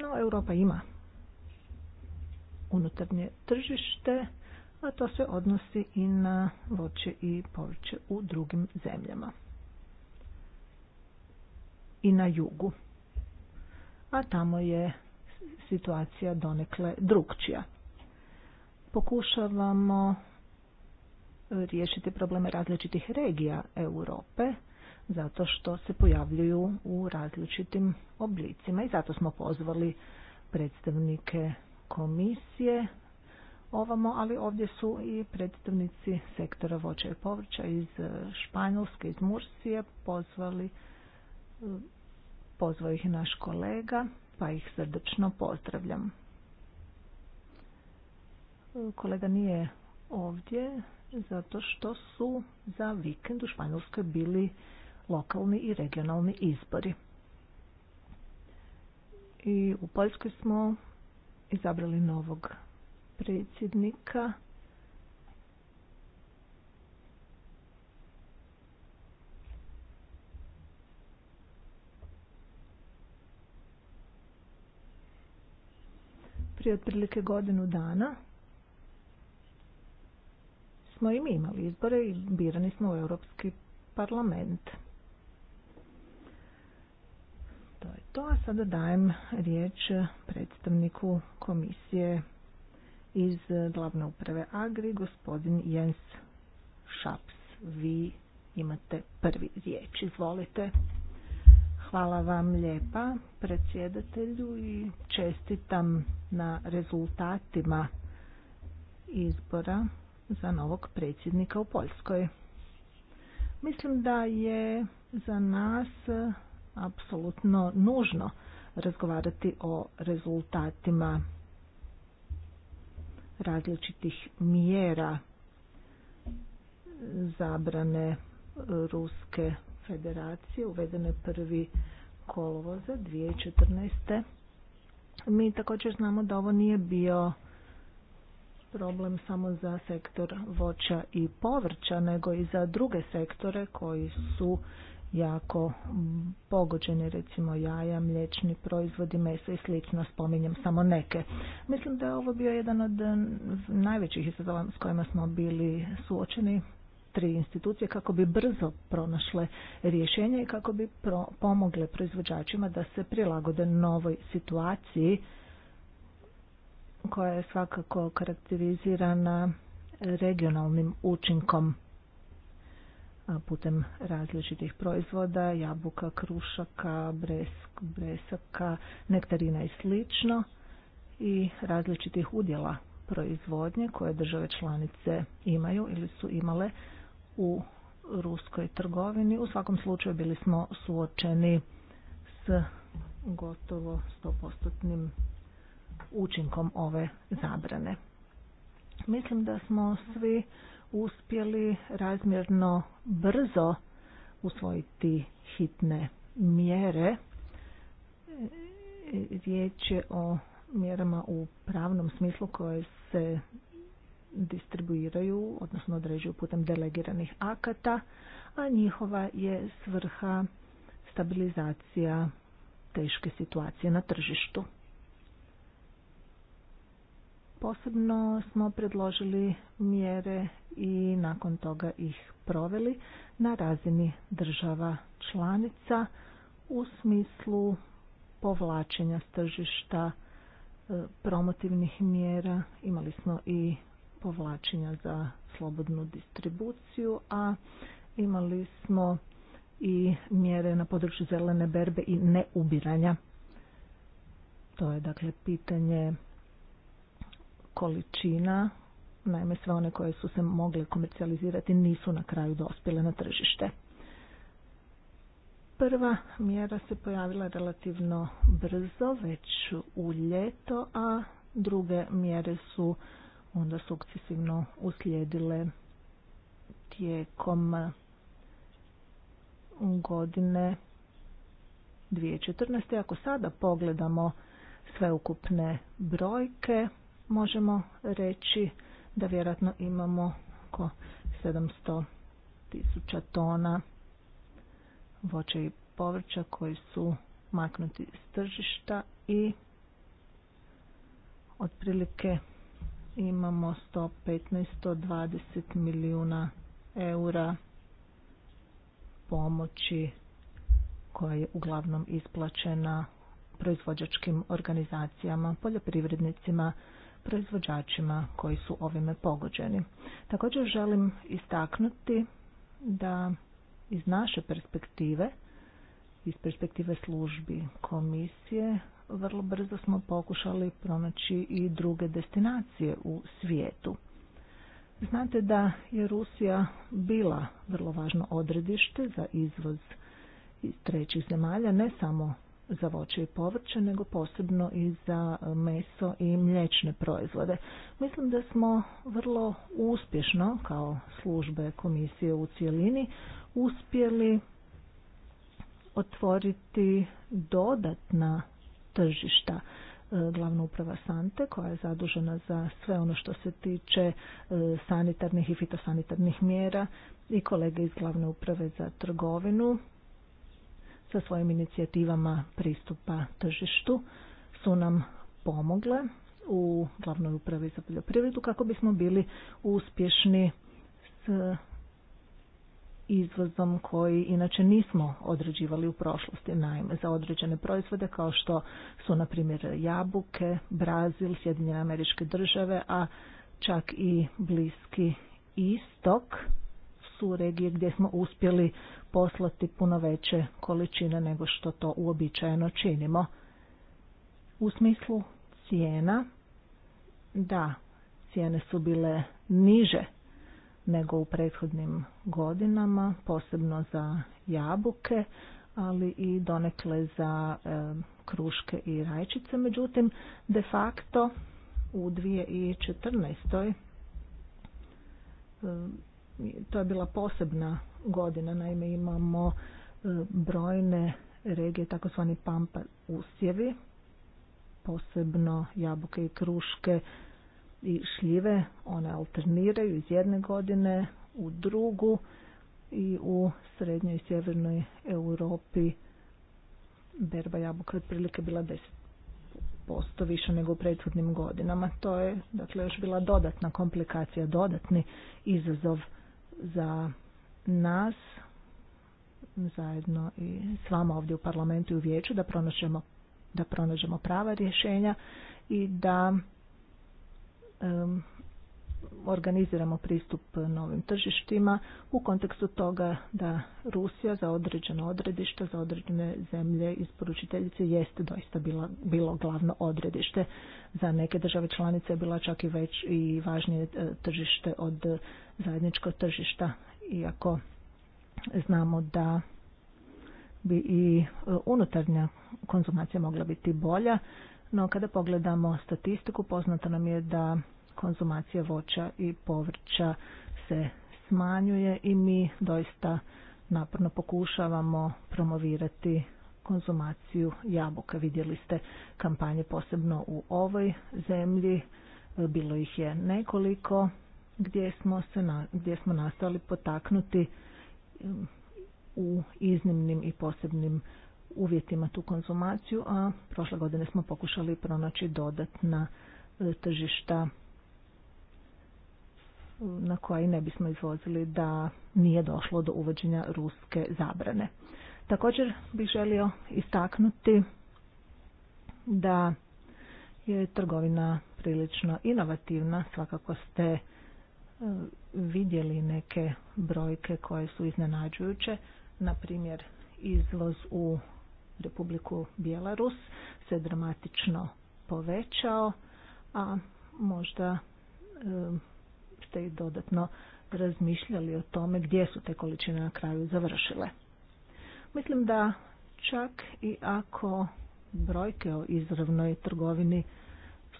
No, Europa ima unutarnje tržište, a to se odnosi i na voće i povrće u drugim zemljama. I na jugu. A tamo je situacija donekle drugčija pokušavamo e, riješiti probleme različitih regija Europe zato što se pojavljuju u različitim oblicima i zato smo pozvali predstavnike komisije ovamo, ali ovdje su i predstavnici sektora voća i povrća iz e, Španjolske, iz Mursije, pozvali, e, pozvao ih naš kolega, pa ih srdečno pozdravljam kolega nije ovdje zato što su za vikend u Španjolskoj bili lokalni i regionalni izbori. I u Poljskoj smo izabrali novog predsjednika. Prije otprilike godinu dana smo i mi imali izbore i birani smo u Europski parlament. To je to, a sada dajem riječ predstavniku komisije iz glavne uprave Agri, gospodin Jens Šaps. Vi imate prvi riječ, izvolite. Hvala vam lijepa predsjedatelju i čestitam na rezultatima izbora za novog predsjednika u Poljskoj. Mislim da je za nas e, apsolutno nužno razgovarati o rezultatima različitih mjera zabrane Ruske federacije uvedene prvi kolovoza 2014. Mi također znamo da ovo nije bio problem samo za sektor voća i povrća, nego i za druge sektore koji su jako pogođeni, recimo jaja, mliječni proizvodi, meso i slično, spominjem samo neke. Mislim da je ovo bio jedan od najvećih izazova s kojima smo bili suočeni tri institucije kako bi brzo pronašle rješenje i kako bi pomogle proizvođačima da se prilagode novoj situaciji koja je svakako karakterizirana regionalnim učinkom putem različitih proizvoda, jabuka, krušaka, bresk, bresaka, nektarina i slično i različitih udjela proizvodnje koje države članice imaju ili su imale u ruskoj trgovini. U svakom slučaju bili smo suočeni s gotovo 100% učinkom ove zabrane. Mislim da smo svi uspjeli razmjerno brzo usvojiti hitne mjere. Riječ je o mjerama u pravnom smislu koje se distribuiraju, odnosno određuju putem delegiranih akata, a njihova je svrha stabilizacija teške situacije na tržištu. Posebno smo predložili mjere i nakon toga ih proveli na razini država članica u smislu povlačenja tržišta e, promotivnih mjera. Imali smo i povlačenja za slobodnu distribuciju, a imali smo i mjere na području zelene berbe i neubiranja. To je dakle pitanje količina, naime sve one koje su se mogle komercijalizirati nisu na kraju dospjele na tržište. Prva mjera se pojavila relativno brzo, već u ljeto, a druge mjere su onda sukcesivno uslijedile tijekom godine 2014. Ako sada pogledamo sveukupne brojke, možemo reći da vjerojatno imamo oko 700 tisuća tona voća i povrća koji su maknuti s tržišta i otprilike imamo 115-120 milijuna eura pomoći koja je uglavnom isplaćena proizvođačkim organizacijama, poljoprivrednicima, proizvođačima koji su ovime pogođeni. Također želim istaknuti da iz naše perspektive, iz perspektive službi komisije, vrlo brzo smo pokušali pronaći i druge destinacije u svijetu. Znate da je Rusija bila vrlo važno odredište za izvoz iz trećih zemalja, ne samo za voće i povrće, nego posebno i za meso i mliječne proizvode. Mislim da smo vrlo uspješno, kao službe komisije u cjelini, uspjeli otvoriti dodatna tržišta e, glavna uprava Sante koja je zadužena za sve ono što se tiče e, sanitarnih i fitosanitarnih mjera i kolege iz glavne uprave za trgovinu sa svojim inicijativama pristupa tržištu su nam pomogle u glavnoj upravi za poljoprivredu kako bismo bili uspješni s izvozom koji inače nismo određivali u prošlosti. Naime, za određene proizvode kao što su na primjer jabuke, Brazil, Sjedinjene američke države, a čak i bliski istok su regije gdje smo uspjeli poslati puno veće količine nego što to uobičajeno činimo. U smislu cijena, da, cijene su bile niže nego u prethodnim godinama, posebno za jabuke, ali i donekle za e, kruške i rajčice. Međutim, de facto u 2014 to je bila posebna godina, naime imamo e, brojne regije, takozvani pampa usjevi, posebno jabuke i kruške i šljive, one alterniraju iz jedne godine u drugu i u srednjoj i sjevernoj Europi berba jabuka je otprilike bila 10% više nego u prethodnim godinama. To je dakle još bila dodatna komplikacija, dodatni izazov za nas zajedno i s vama ovdje u parlamentu i u vijeću da pronađemo da pronađemo prava rješenja i da organiziramo pristup novim tržištima u kontekstu toga da Rusija za određeno odredište, za određene zemlje isporučiteljice jeste doista bila, bilo glavno odredište. Za neke države članice je bila čak i već i važnije e, tržište od zajedničkog tržišta, iako znamo da bi i e, unutarnja konzumacija mogla biti bolja, no kada pogledamo statistiku poznato nam je da konzumacija voća i povrća se smanjuje i mi doista naporno pokušavamo promovirati konzumaciju jabuka. Vidjeli ste kampanje posebno u ovoj zemlji, bilo ih je nekoliko gdje smo, se na, gdje smo nastali potaknuti u iznimnim i posebnim uvjetima tu konzumaciju, a prošle godine smo pokušali pronaći dodatna e, tržišta na koji ne bismo izvozili da nije došlo do uvođenja ruske zabrane. Također bih želio istaknuti da je trgovina prilično inovativna. Svakako ste e, vidjeli neke brojke koje su iznenađujuće. Na primjer, izvoz u Republiku Bjelarus se dramatično povećao, a možda e, ste i dodatno razmišljali o tome gdje su te količine na kraju završile. Mislim da čak i ako brojke o izravnoj trgovini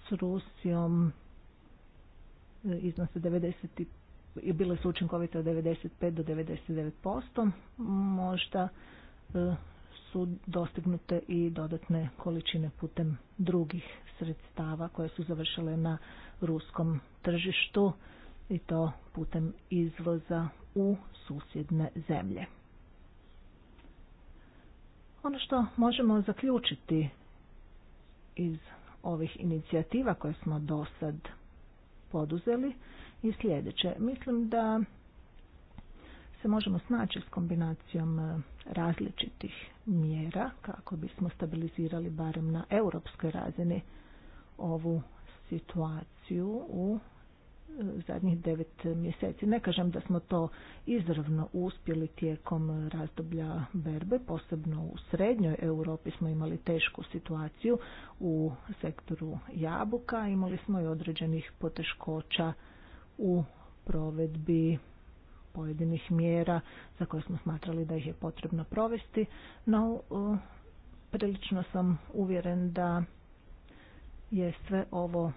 s Rusijom e, iznose 90 i bile su učinkovite od 95 do 99%, možda e, su dostignute i dodatne količine putem drugih sredstava koje su završile na ruskom tržištu i to putem izvoza u susjedne zemlje. Ono što možemo zaključiti iz ovih inicijativa koje smo do sad poduzeli je sljedeće. Mislim da se možemo snaći s kombinacijom e, različitih mjera kako bismo stabilizirali barem na europskoj razini ovu situaciju u zadnjih devet mjeseci. Ne kažem da smo to izravno uspjeli tijekom razdoblja berbe, posebno u srednjoj Europi smo imali tešku situaciju u sektoru jabuka, imali smo i određenih poteškoća u provedbi pojedinih mjera za koje smo smatrali da ih je potrebno provesti, no prilično sam uvjeren da je sve ovo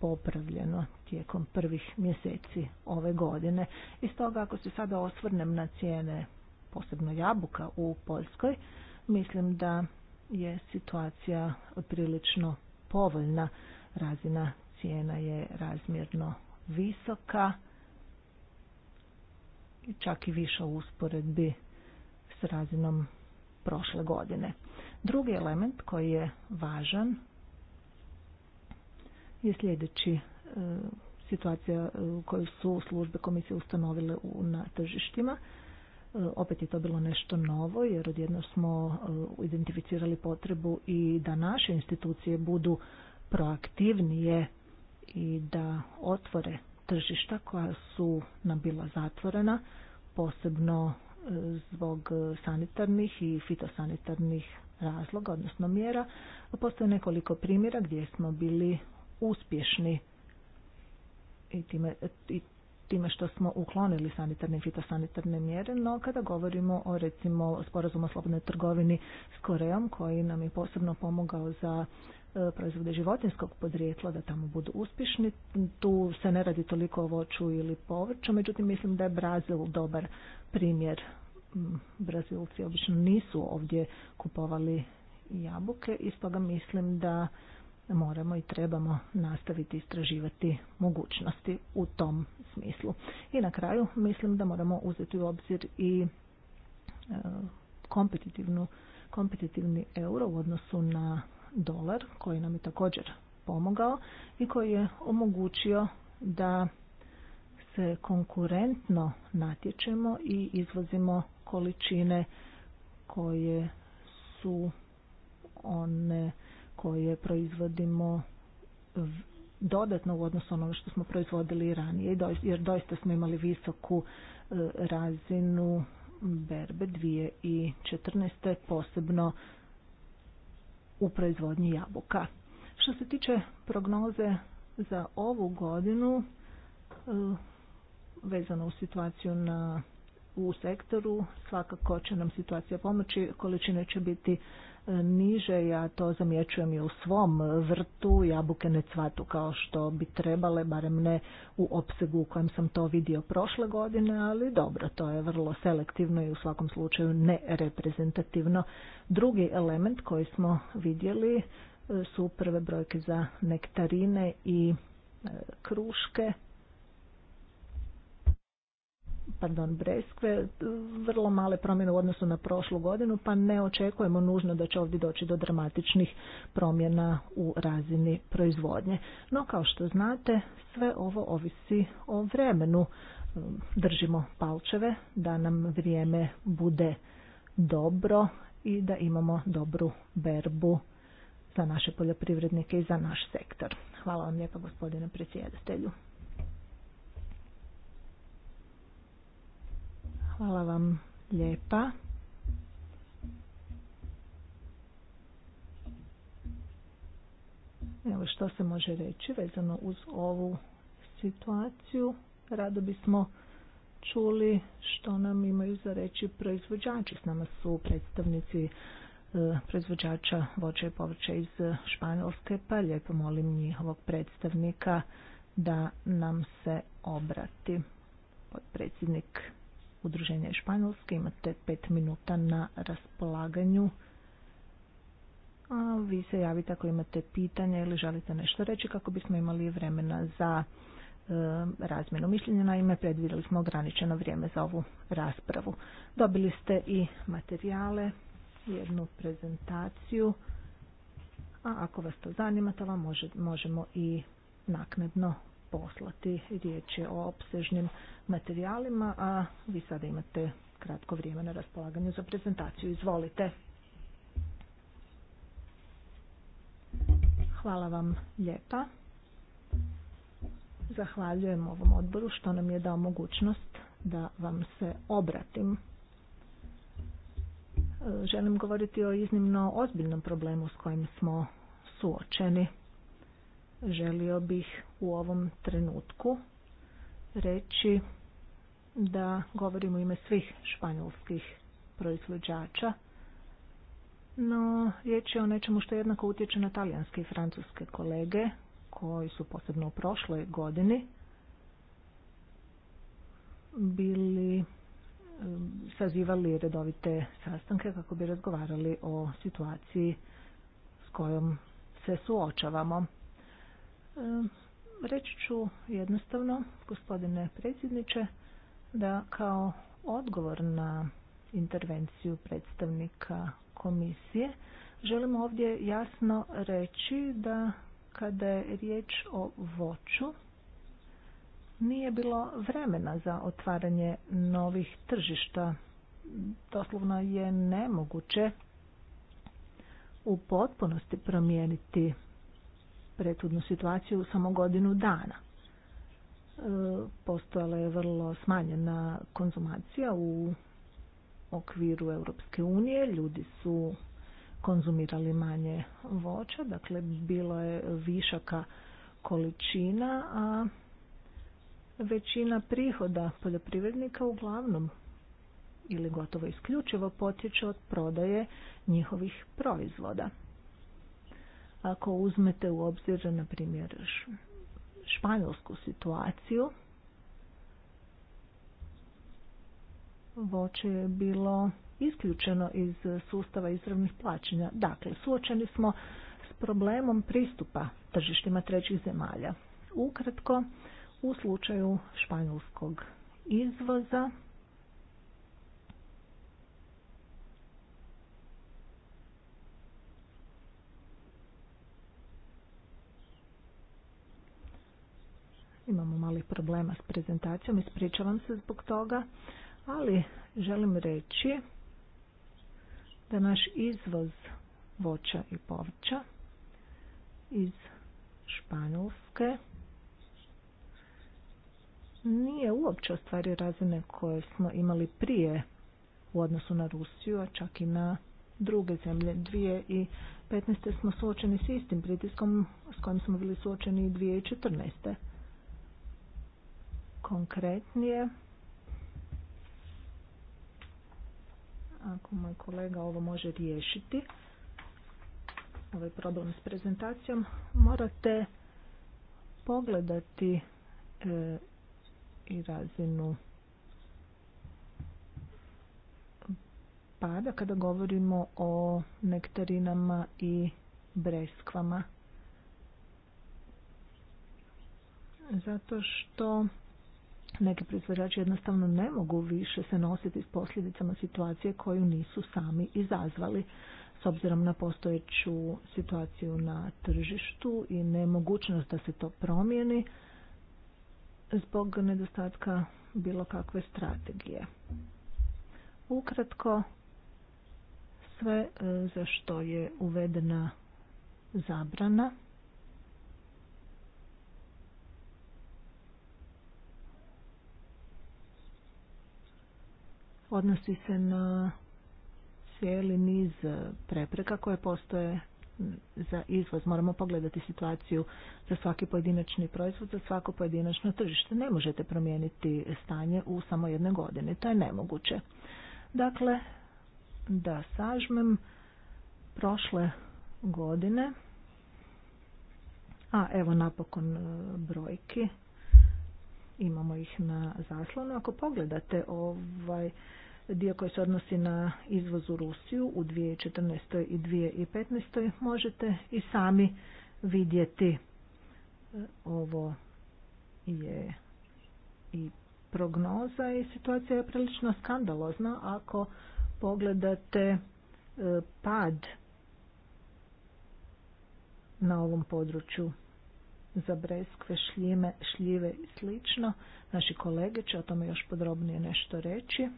popravljeno tijekom prvih mjeseci ove godine. I stoga ako se sada osvrnem na cijene posebno jabuka u Poljskoj, mislim da je situacija prilično povoljna. Razina cijena je razmjerno visoka, čak i više u usporedbi s razinom prošle godine. Drugi element koji je važan je sljedeći e, situacija e, koju su službe komisije ustanovile na tržištima. E, opet je to bilo nešto novo jer odjedno smo identificirali potrebu i da naše institucije budu proaktivnije i da otvore tržišta koja su nam bila zatvorena, posebno zbog sanitarnih i fitosanitarnih razloga, odnosno mjera. Postoje nekoliko primjera gdje smo bili uspješni i time, i time što smo uklonili sanitarne i fitosanitarne mjere, no kada govorimo o recimo sporazumu o slobodnoj trgovini s Korejom koji nam je posebno pomogao za e, proizvode životinskog podrijetla da tamo budu uspješni. Tu se ne radi toliko o voću ili povrću, međutim mislim da je Brazil dobar primjer. Mm, Brazilci obično nisu ovdje kupovali jabuke i stoga mislim da moramo i trebamo nastaviti istraživati mogućnosti u tom smislu. I na kraju mislim da moramo uzeti u obzir i e, kompetitivnu, kompetitivni euro u odnosu na dolar koji nam je također pomogao i koji je omogućio da se konkurentno natječemo i izvozimo količine koje su one koje proizvodimo dodatno u odnosu ono što smo proizvodili ranije, jer doista smo imali visoku e, razinu berbe 2014. posebno u proizvodnji jabuka. Što se tiče prognoze za ovu godinu, e, vezano u situaciju na, u sektoru, svakako će nam situacija pomoći, količine će biti niže. Ja to zamjećujem i u svom vrtu. Jabuke ne cvatu kao što bi trebale, barem ne u opsegu u kojem sam to vidio prošle godine, ali dobro, to je vrlo selektivno i u svakom slučaju reprezentativno. Drugi element koji smo vidjeli e, su prve brojke za nektarine i e, kruške pardon, Breskve, vrlo male promjene u odnosu na prošlu godinu, pa ne očekujemo nužno da će ovdje doći do dramatičnih promjena u razini proizvodnje. No, kao što znate, sve ovo ovisi o vremenu. Držimo palčeve da nam vrijeme bude dobro i da imamo dobru berbu za naše poljoprivrednike i za naš sektor. Hvala vam lijepa gospodine predsjedatelju. Hvala vam lijepa. Evo što se može reći vezano uz ovu situaciju. Rado bismo čuli što nam imaju za reći proizvođači. S nama su predstavnici e, proizvođača voća i povrća iz Španjolske, pa lijepo molim njihovog predstavnika da nam se obrati. Podpredsjednik udruženje Španjolske. Imate pet minuta na raspolaganju. A vi se javite ako imate pitanje ili želite nešto reći kako bismo imali vremena za e, razmjenu mišljenja. Naime, predvidjeli smo ograničeno vrijeme za ovu raspravu. Dobili ste i materijale, jednu prezentaciju, a ako vas to zanima, to vam možemo i naknadno poslati. Riječ je o opsežnim materijalima, a vi sada imate kratko vrijeme na raspolaganju za prezentaciju. Izvolite. Hvala vam lijepa. Zahvaljujem ovom odboru što nam je dao mogućnost da vam se obratim. Želim govoriti o iznimno ozbiljnom problemu s kojim smo suočeni želio bih u ovom trenutku reći da govorim u ime svih španjolskih proizvođača, no riječ je o nečemu što jednako utječe na talijanske i francuske kolege koji su posebno u prošloj godini bili sazivali redovite sastanke kako bi razgovarali o situaciji s kojom se suočavamo. Ehm, reći ću jednostavno, gospodine predsjedniče, da kao odgovor na intervenciju predstavnika komisije želimo ovdje jasno reći da kada je riječ o voću nije bilo vremena za otvaranje novih tržišta. Doslovno je nemoguće u potpunosti promijeniti pretudnu situaciju samo godinu dana. E, postojala je vrlo smanjena konzumacija u okviru Europske unije, ljudi su konzumirali manje voća, dakle bilo je višaka količina, a većina prihoda poljoprivrednika uglavnom ili gotovo isključivo potječe od prodaje njihovih proizvoda ako uzmete u obzir, na primjer, španjolsku situaciju, voće je bilo isključeno iz sustava izravnih plaćanja. Dakle, suočeni smo s problemom pristupa tržištima trećih zemalja. Ukratko, u slučaju španjolskog izvoza Imamo mali problema s prezentacijom, ispričavam se zbog toga, ali želim reći da naš izvoz voća i povrća iz Španjolske nije uopće ostvario razine koje smo imali prije u odnosu na Rusiju, a čak i na druge zemlje. 2015. smo suočeni s istim pritiskom s kojim smo bili suočeni i 2014 konkretnije. Ako moj kolega ovo može riješiti, ovaj problem s prezentacijom, morate pogledati e, i razinu pada kada govorimo o nektarinama i breskvama. Zato što neki proizvođači jednostavno ne mogu više se nositi s posljedicama situacije koju nisu sami izazvali s obzirom na postojeću situaciju na tržištu i nemogućnost da se to promijeni zbog nedostatka bilo kakve strategije. Ukratko, sve e, za što je uvedena zabrana odnosi se na cijeli niz e, prepreka koje postoje za izvoz. Moramo pogledati situaciju za svaki pojedinačni proizvod, za svako pojedinačno tržište. Ne možete promijeniti stanje u samo jedne godine. To je nemoguće. Dakle, da sažmem prošle godine, a evo napokon e, brojki, imamo ih na zaslonu. Ako pogledate ovaj dio koji se odnosi na izvoz u Rusiju u 2014. i 2015. možete i sami vidjeti e, ovo je i prognoza i situacija je prilično skandalozna ako pogledate e, pad na ovom području za breskve, šljive i slično. Naši kolege će o tome još podrobnije nešto reći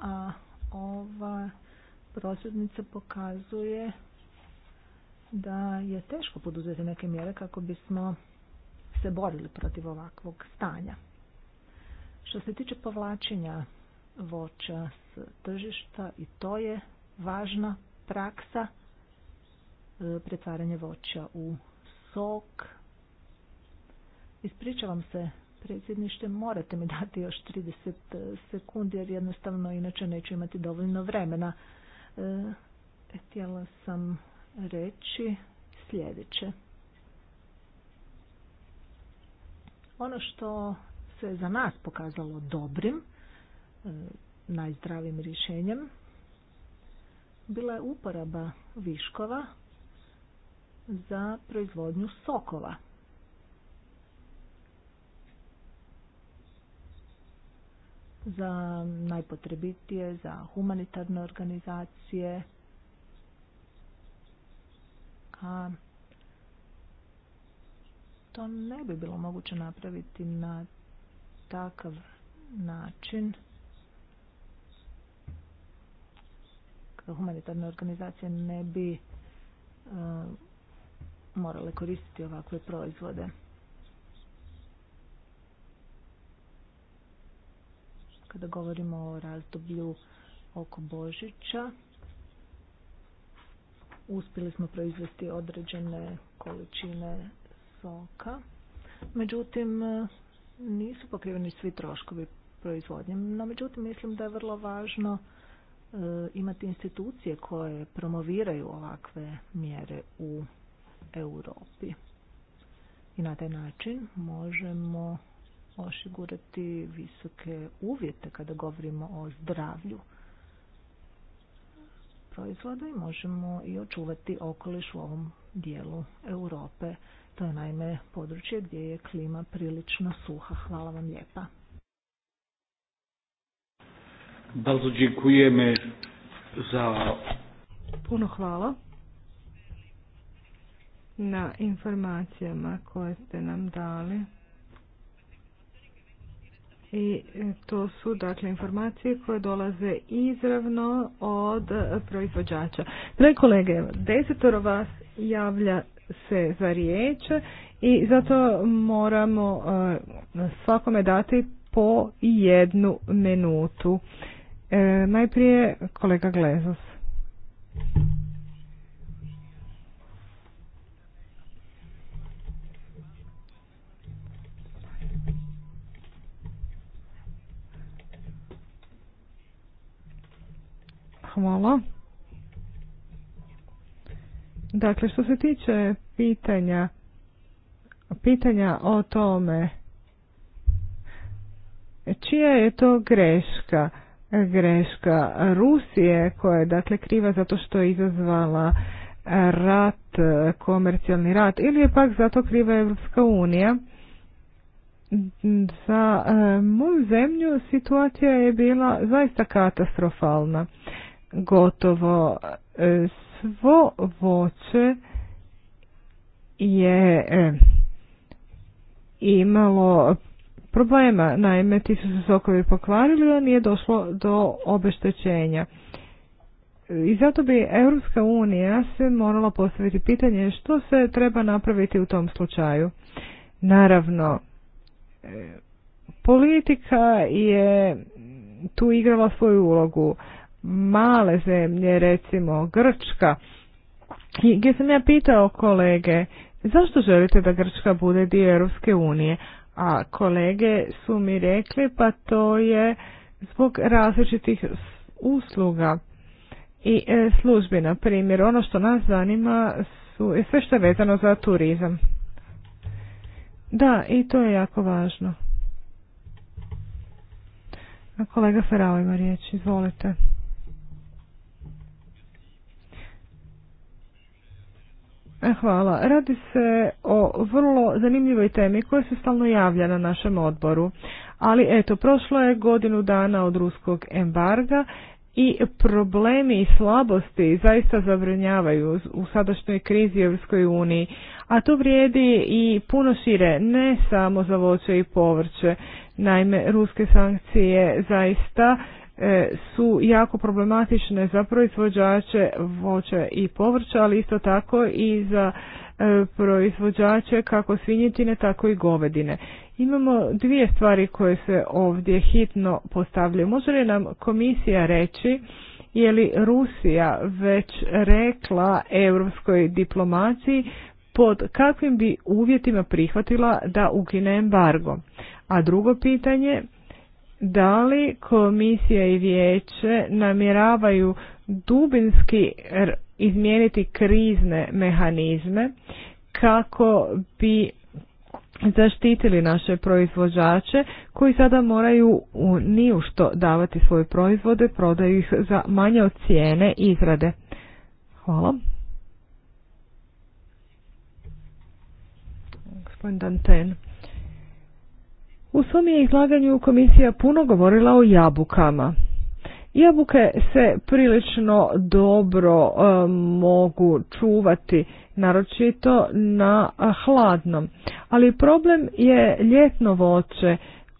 a ova prosvjednica pokazuje da je teško poduzeti neke mjere kako bismo se borili protiv ovakvog stanja. Što se tiče povlačenja voća s tržišta i to je važna praksa e, pretvaranje voća u sok. Ispričavam se Predsjednište, morate mi dati još 30 e, sekundi jer jednostavno inače neću imati dovoljno vremena. E, e, htjela sam reći sljedeće. Ono što se za nas pokazalo dobrim, najzdravim rješenjem, bila je uporaba viškova za proizvodnju sokova. za najpotrebitije, za humanitarne organizacije. A to ne bi bilo moguće napraviti na takav način. Kada humanitarne organizacije ne bi morale koristiti ovakve proizvode. kada govorimo o razdoblju oko Božića. Uspjeli smo proizvesti određene količine soka. Međutim, nisu pokriveni svi troškovi proizvodnje. No, međutim, mislim da je vrlo važno e, imati institucije koje promoviraju ovakve mjere u Europi. I na taj način možemo osigurati visoke uvjete kada govorimo o zdravlju proizvoda i možemo i očuvati okoliš u ovom dijelu Europe. To je naime područje gdje je klima prilično suha. Hvala vam lijepa. za... Puno hvala na informacijama koje ste nam dali. I to su dakle informacije koje dolaze izravno od proizvođača. Dragi kolege, desetoro vas javlja se za riječ i zato moramo e, svakome dati po jednu minutu. E, najprije kolega Glezos. Hvala. Dakle, što se tiče pitanja, pitanja o tome čija je to greška? Greška Rusije koja je dakle kriva zato što je izazvala rat, komercijalni rat ili je pak zato kriva Evropska unija? Za e, moju zemlju situacija je bila zaista katastrofalna gotovo e, svo voće je e, imalo problema. Naime, ti su se sokovi pokvarili, a nije došlo do obeštećenja. I zato bi Europska unija se morala postaviti pitanje što se treba napraviti u tom slučaju. Naravno, e, politika je tu igrala svoju ulogu male zemlje, recimo Grčka. I gdje sam ja pitao kolege, zašto želite da Grčka bude dio Europske unije? A kolege su mi rekli, pa to je zbog različitih usluga i e, službi, na primjer. Ono što nas zanima su sve što je vezano za turizam. Da, i to je jako važno. Kolega Ferao ima riječ, izvolite. E, hvala. Radi se o vrlo zanimljivoj temi koja se stalno javlja na našem odboru. Ali eto, prošlo je godinu dana od ruskog embarga i problemi i slabosti zaista zabrinjavaju u sadašnjoj krizi Evropskoj uniji, a to vrijedi i puno šire, ne samo za voće i povrće. Naime, ruske sankcije zaista E, su jako problematične za proizvođače voća i povrća, ali isto tako i za e, proizvođače kako svinjetine, tako i govedine. Imamo dvije stvari koje se ovdje hitno postavljaju. Može li nam komisija reći je li Rusija već rekla europskoj diplomaciji pod kakvim bi uvjetima prihvatila da ukine embargo? A drugo pitanje, da li komisija i vijeće namjeravaju dubinski izmijeniti krizne mehanizme kako bi zaštitili naše proizvođače koji sada moraju u nijušto davati svoje proizvode, prodaju ih za manje od cijene izrade. Hvala. Gospodin u svom je izlaganju komisija puno govorila o jabukama. Jabuke se prilično dobro e, mogu čuvati, naročito na hladnom. Ali problem je ljetno voće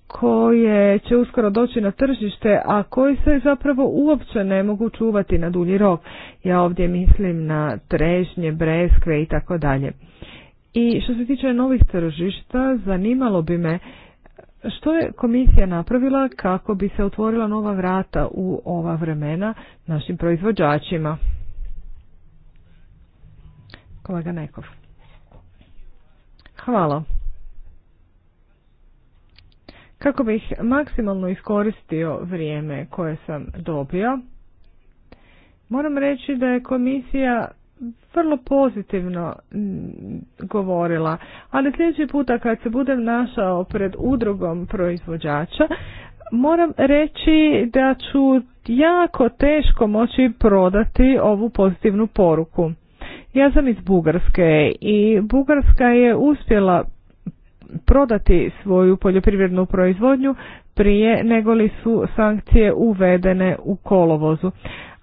koje će uskoro doći na tržište, a koji se zapravo uopće ne mogu čuvati na dulji rok. Ja ovdje mislim na trežnje, breskve i tako dalje. I što se tiče novih tržišta, zanimalo bi me što je komisija napravila kako bi se otvorila nova vrata u ova vremena našim proizvođačima? Kolega Nekov. Hvala. Kako bih maksimalno iskoristio vrijeme koje sam dobio, moram reći da je komisija vrlo pozitivno mm, govorila, ali sljedeći puta kad se budem našao pred udrugom proizvođača, moram reći da ću jako teško moći prodati ovu pozitivnu poruku. Ja sam iz Bugarske i Bugarska je uspjela prodati svoju poljoprivrednu proizvodnju prije nego li su sankcije uvedene u kolovozu.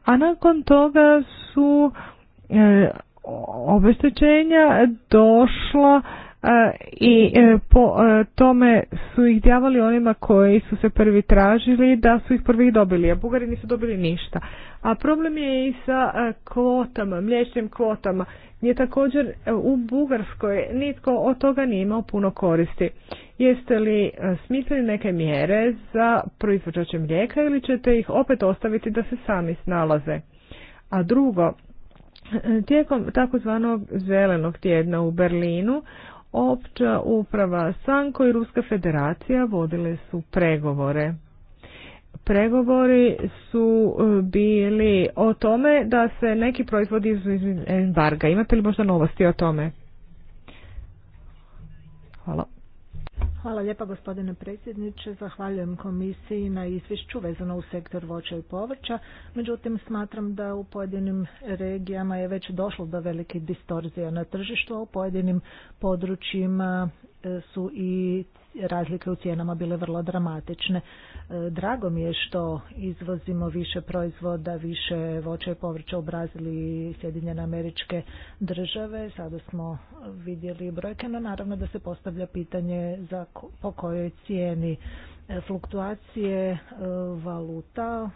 A nakon toga su E, obeštećenja došla e, i e, po tome su ih djavali onima koji su se prvi tražili da su ih prvi dobili, a Bugari nisu dobili ništa. A problem je i sa kvotama, mliječnim kvotama, gdje također u Bugarskoj nitko od toga nije imao puno koristi. Jeste li smislili neke mjere za proizvođače mlijeka ili ćete ih opet ostaviti da se sami snalaze? A drugo, Tijekom takozvanog zelenog tjedna u Berlinu opća uprava Sanko i Ruska federacija vodile su pregovore. Pregovori su e, bili o tome da se neki proizvodi iz embarga. Imate li možda novosti o tome? Hvala. Hvala lijepa gospodine predsjedniče. Zahvaljujem komisiji na izvješću vezano u sektor voća i povrća. Međutim, smatram da u pojedinim regijama je već došlo do velike distorzije na tržištu, a u pojedinim područjima e, su i razlike u cijenama bile vrlo dramatične. E, drago mi je što izvozimo više proizvoda, više voća i povrća u i Sjedinjene američke države. Sada smo vidjeli brojke, no naravno da se postavlja pitanje za po kojoj cijeni e, fluktuacije e, valuta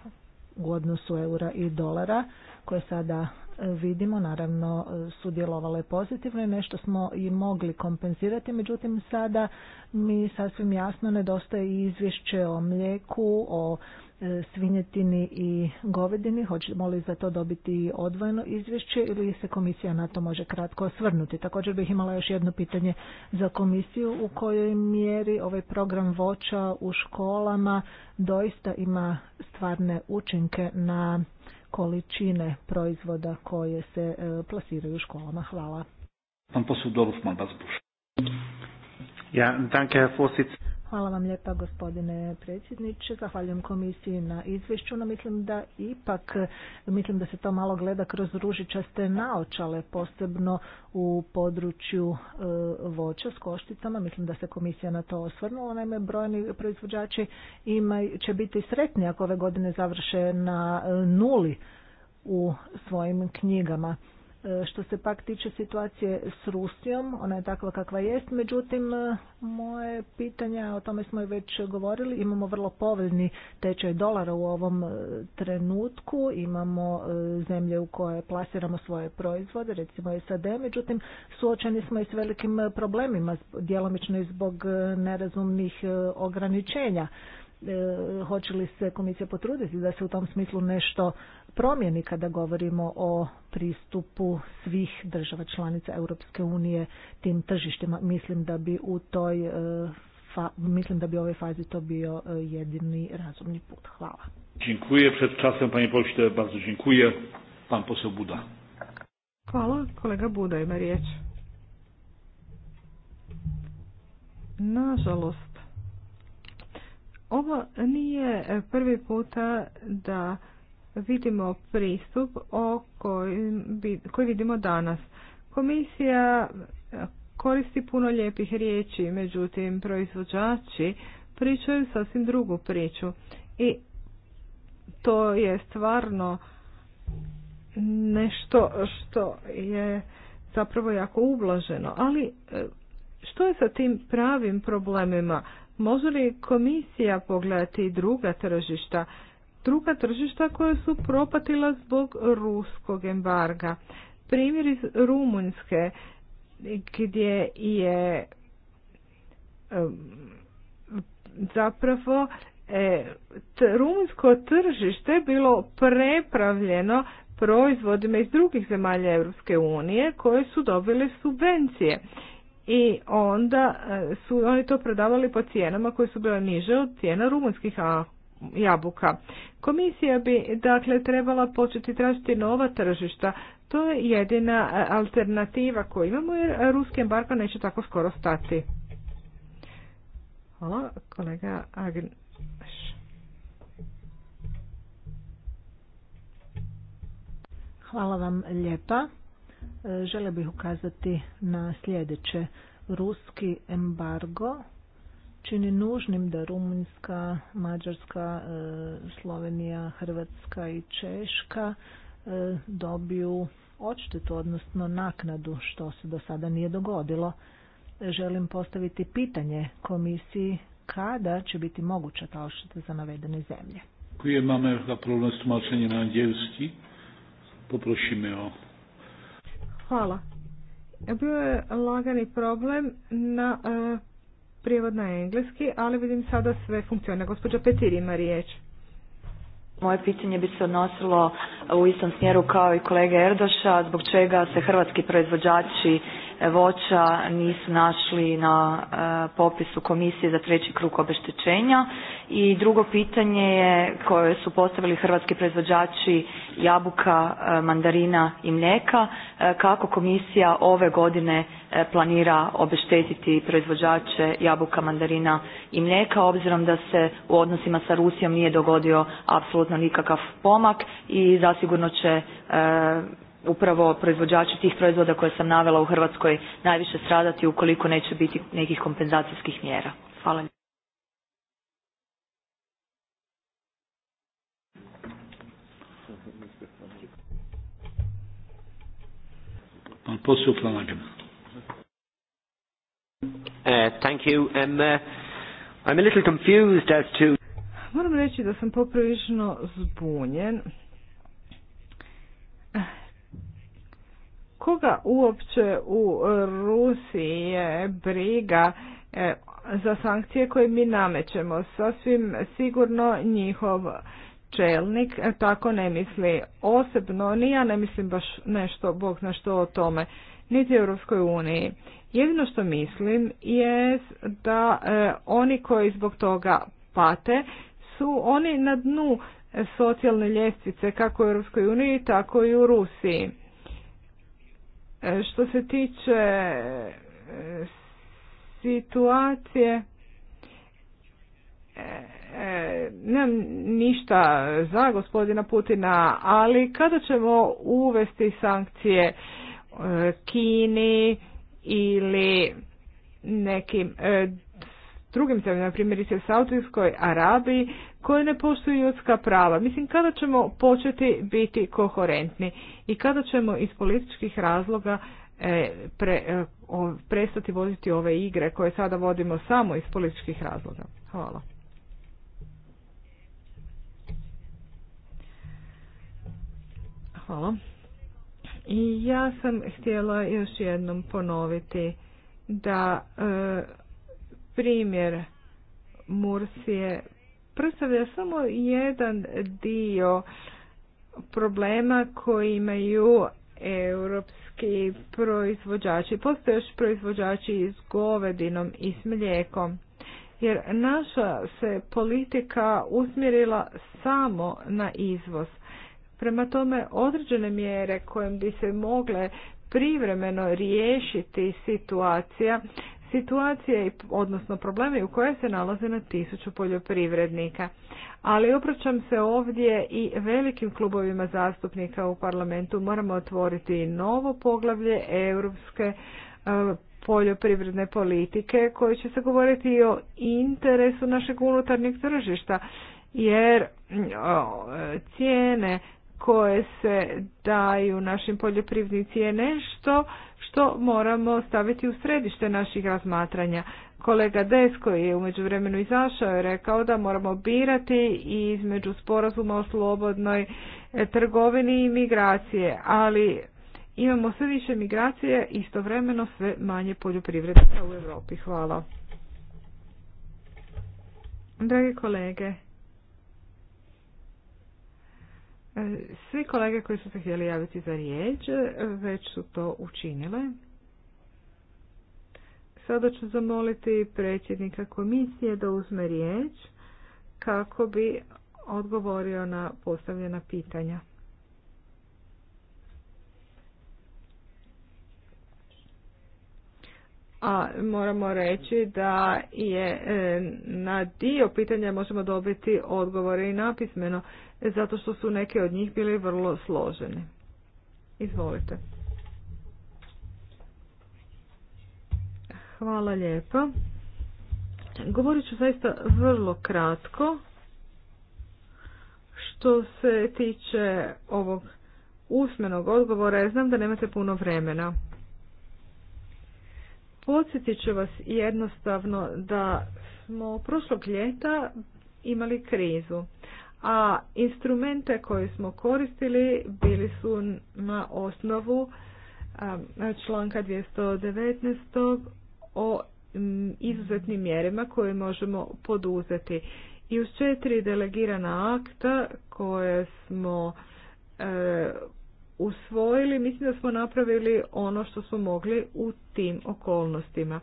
u odnosu eura i dolara koje sada vidimo, naravno sudjelovalo je pozitivno i nešto smo i mogli kompenzirati, međutim sada mi sasvim jasno nedostaje i izvješće o mlijeku, o e, svinjetini i govedini, hoćemo li za to dobiti odvojeno izvješće ili se komisija na to može kratko osvrnuti. Također bih imala još jedno pitanje za komisiju u kojoj mjeri ovaj program voća u školama doista ima stvarne učinke na količine proizvoda koje se e, plasiraju u školama. Hvala. Pan posudolov Ja, danke, Herr Hvala vam lijepa gospodine predsjedniče. Zahvaljujem komisiji na izvješću, no mislim da ipak, mislim da se to malo gleda kroz ružičaste naočale, posebno u području e, voća s košticama. Mislim da se komisija na to osvrnula. Naime, brojni proizvođači ima, će biti sretni ako ove godine završe na e, nuli u svojim knjigama. E, što se pak tiče situacije s Rusijom, ona je takva kakva jest, međutim e, moje pitanja, o tome smo i već govorili, imamo vrlo povezni tečaj dolara u ovom e, trenutku, imamo zemlje u koje plasiramo svoje proizvode, recimo SAD, međutim suočeni smo i s velikim problemima, djelomično i zbog nerazumnih ograničenja E, hoće li se komisija potruditi da se u tom smislu nešto promijeni kada govorimo o pristupu svih država članica Europske unije tim tržištima. Mislim da bi u toj e, mislim da bi u ovoj fazi to bio e, jedini razumni put. Hvala. Dziękuję. Przed czasem, panie pośle, bardzo dziękuję. Pan poseł Buda. Hvala. Kolega Buda ima riječ. Nažalost, ovo nije prvi puta da vidimo pristup koji, koji vidimo danas. Komisija koristi puno lijepih riječi, međutim proizvođači pričaju sasvim drugu priču. I to je stvarno nešto što je zapravo jako ublaženo. Ali e, što je sa tim pravim problemima? Može li komisija pogledati druga tržišta? Druga tržišta koja su propatila zbog ruskog embarga. Primjer iz Rumunjske gdje je zapravo e, Rumunjsko rumunsko tržište bilo prepravljeno proizvodima iz drugih zemalja Europske unije koje su dobile subvencije i onda e, su oni to prodavali po cijenama koje su bile niže od cijena rumunskih jabuka. Komisija bi dakle trebala početi tražiti nova tržišta. To je jedina e, alternativa koju imamo jer ruski embargo neće tako skoro stati. Hvala kolega Hvala vam lijepa. E, žele bih ukazati na sljedeće. Ruski embargo čini nužnim da Rumunjska, Mađarska, e, Slovenija, Hrvatska i Češka e, dobiju odštetu, odnosno naknadu, što se do sada nije dogodilo. Želim postaviti pitanje komisiji kada će biti moguća ta odšteta za navedene zemlje. koje problem na Hvala. Bio je lagani problem na e, prijevod na engleski, ali vidim sada sve funkcionira. Gospođa Petir ima riječ. Moje pitanje bi se odnosilo u istom smjeru kao i kolege Erdoša, zbog čega se hrvatski proizvođači voća nisu našli na e, popisu komisije za treći krug obeštećenja i drugo pitanje je koje su postavili hrvatski proizvođači jabuka, e, mandarina i mlijeka e, kako komisija ove godine planira obeštetiti proizvođače jabuka, mandarina i mlijeka obzirom da se u odnosima sa Rusijom nije dogodio apsolutno nikakav pomak i zasigurno će upravo proizvođači tih proizvoda koje sam navela u Hrvatskoj najviše stradati ukoliko neće biti nekih kompenzacijskih mjera. Hvala. Uh, um, uh, Moram reći da sam poprilično zbunjen koga uopće u e, Rusiji je briga e, za sankcije koje mi namećemo? Sasvim sigurno njihov čelnik e, tako ne misli. Osobno ni ja ne mislim baš nešto, Bog zna što o tome, niti Europskoj uniji. Jedino što mislim je da oni koji zbog toga pate su oni na dnu socijalne ljestvice kako u Europskoj uniji tako i u Rusiji. Što se tiče e, situacije, e, e, nemam ništa za gospodina Putina, ali kada ćemo uvesti sankcije Kini ili nekim drugim zemljama, primjerice Saudijskoj Arabiji, koje ne poštuju ljudska prava. Mislim, kada ćemo početi biti koherentni i kada ćemo iz političkih razloga e, e, prestati voditi ove igre koje sada vodimo samo iz političkih razloga. Hvala. Hvala. I ja sam htjela još jednom ponoviti da e, primjer Mursije predstavlja samo jedan dio problema koji imaju europski proizvođači. Postoje još proizvođači s govedinom i s mlijekom. Jer naša se politika usmjerila samo na izvoz. Prema tome određene mjere kojim bi se mogle privremeno riješiti situacija situacije, odnosno probleme u koje se nalaze na tisuću poljoprivrednika. Ali obraćam se ovdje i velikim klubovima zastupnika u parlamentu moramo otvoriti novo poglavlje europske e, poljoprivredne politike koje će se govoriti i o interesu našeg unutarnjeg tržišta jer mm, e, cijene koje se daju našim poljoprivrednici je nešto što moramo staviti u središte naših razmatranja. Kolega Des koji je umeđu vremenu izašao je rekao da moramo birati između sporazuma o slobodnoj e, trgovini i migracije, ali imamo sve više migracije i istovremeno sve manje poljoprivrednika u Europi. Hvala. Dragi kolege, E, svi kolege koji su se htjeli javiti za riječ e, već su to učinile. Sada ću zamoliti predsjednika komisije da uzme riječ kako bi odgovorio na postavljena pitanja. a moramo reći da je e, na dio pitanja možemo dobiti odgovore i napismeno, zato što su neke od njih bili vrlo složene. Izvolite. Hvala lijepa. Govorit ću zaista vrlo kratko što se tiče ovog usmenog odgovora. znam da nemate puno vremena. Podsjetit ću vas jednostavno da smo prošlog ljeta imali krizu, a instrumente koje smo koristili bili su na osnovu um, članka 219. o izuzetnim mjerima koje možemo poduzeti. I uz četiri delegirana akta koje smo e, usvojili, mislim da smo napravili ono što smo mogli u tim okolnostima.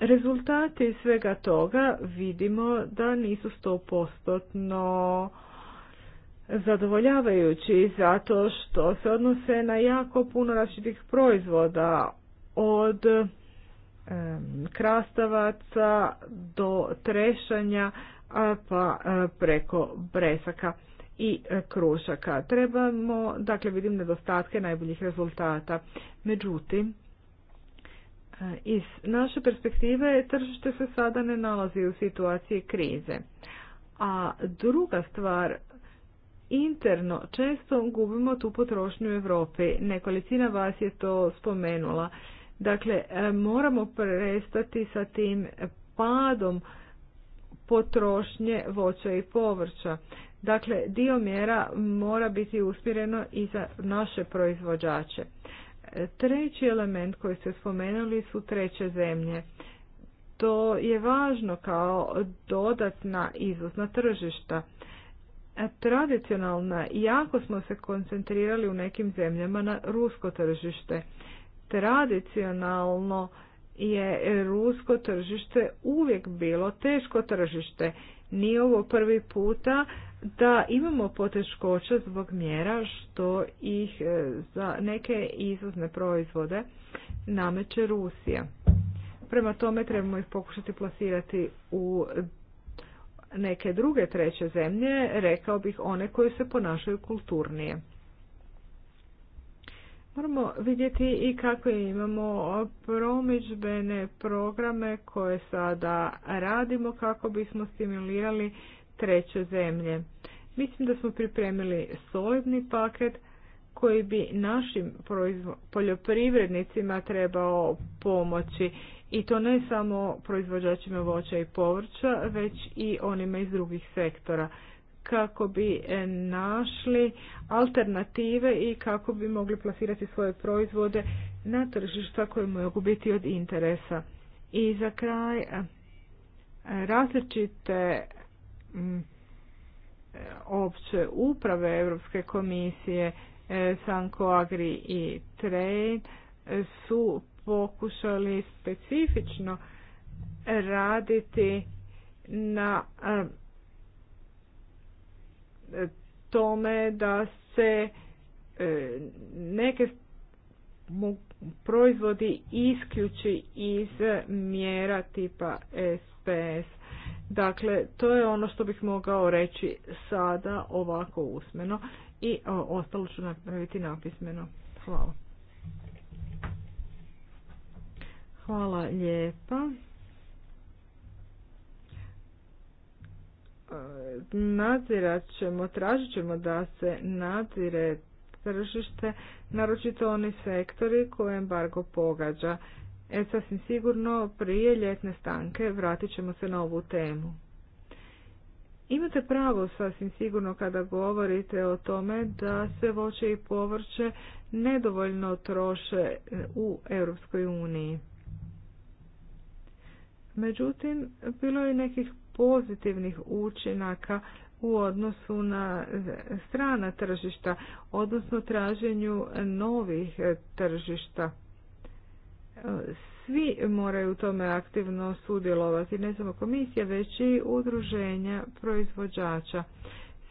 Rezultati svega toga vidimo da nisu postotno zadovoljavajući zato što se odnose na jako puno različitih proizvoda od krastavaca do trešanja pa e, preko bresaka i e, krušaka. Trebamo, dakle vidim nedostatke najboljih rezultata. Međutim, e, iz naše perspektive tržište se sada ne nalazi u situaciji krize. A druga stvar, interno često gubimo tu potrošnju u Evropi Nekolicina vas je to spomenula. Dakle, e, moramo prestati sa tim padom potrošnje voća i povrća. Dakle, dio mjera mora biti uspireno i za naše proizvođače. Treći element koji ste spomenuli su treće zemlje. To je važno kao dodatna izvozna tržišta. Tradicionalna, jako smo se koncentrirali u nekim zemljama na rusko tržište. Tradicionalno je rusko tržište uvijek bilo teško tržište. Nije ovo prvi puta da imamo poteškoća zbog mjera što ih e, za neke izvozne proizvode nameće Rusija. Prema tome trebamo ih pokušati plasirati u neke druge treće zemlje, rekao bih one koje se ponašaju kulturnije. Moramo vidjeti i kako imamo promičbene programe koje sada radimo kako bismo stimulirali treće zemlje. Mislim da smo pripremili solidni paket koji bi našim poljoprivrednicima trebao pomoći i to ne samo proizvođačima voća i povrća, već i onima iz drugih sektora kako bi e, našli alternative i kako bi mogli plasirati svoje proizvode na tržišta koje mogu biti od interesa. I za kraj e, različite opće uprave Europske komisije e, Sanko Agri i Trade e, su pokušali specifično raditi na e, tome da se neke proizvodi isključi iz mjera tipa SPS Dakle, to je ono što bih mogao reći sada ovako usmeno i ostalo ću napraviti napismeno. Hvala. Hvala lijepa. E, nadzirat ćemo, tražit ćemo da se nadzire tržište, naročito oni sektori koje embargo pogađa. E, sasvim sigurno prije ljetne stanke vratit ćemo se na ovu temu. Imate pravo sasvim sigurno kada govorite o tome da se voće i povrće nedovoljno troše e, u Europskoj uniji. Međutim, bilo je nekih pozitivnih učinaka u odnosu na e, strana tržišta, odnosno traženju novih tržišta svi moraju u tome aktivno sudjelovati, ne samo komisija, već i udruženja proizvođača.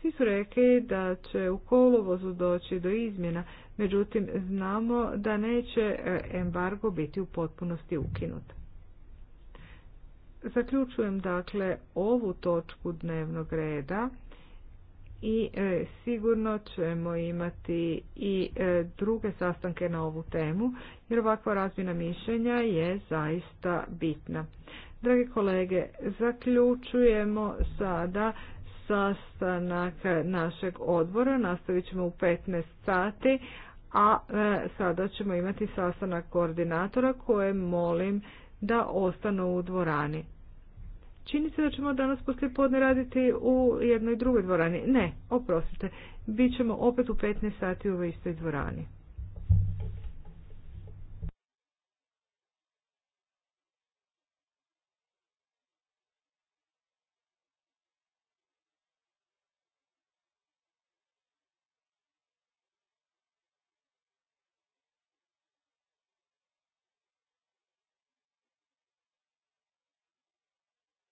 Svi su rekli da će u kolovozu doći do izmjena, međutim znamo da neće e, embargo biti u potpunosti ukinut. Zaključujem dakle ovu točku dnevnog reda i e, sigurno ćemo imati i e, druge sastanke na ovu temu jer ovakva razmjena mišljenja je zaista bitna. Dragi kolege, zaključujemo sada sastanak našeg odbora. Nastavit ćemo u 15 sati, a e, sada ćemo imati sastanak koordinatora koje molim da ostanu u dvorani. Čini se da ćemo danas poslije podne raditi u jednoj drugoj dvorani. Ne, oprostite, bit ćemo opet u 15 sati u istoj dvorani.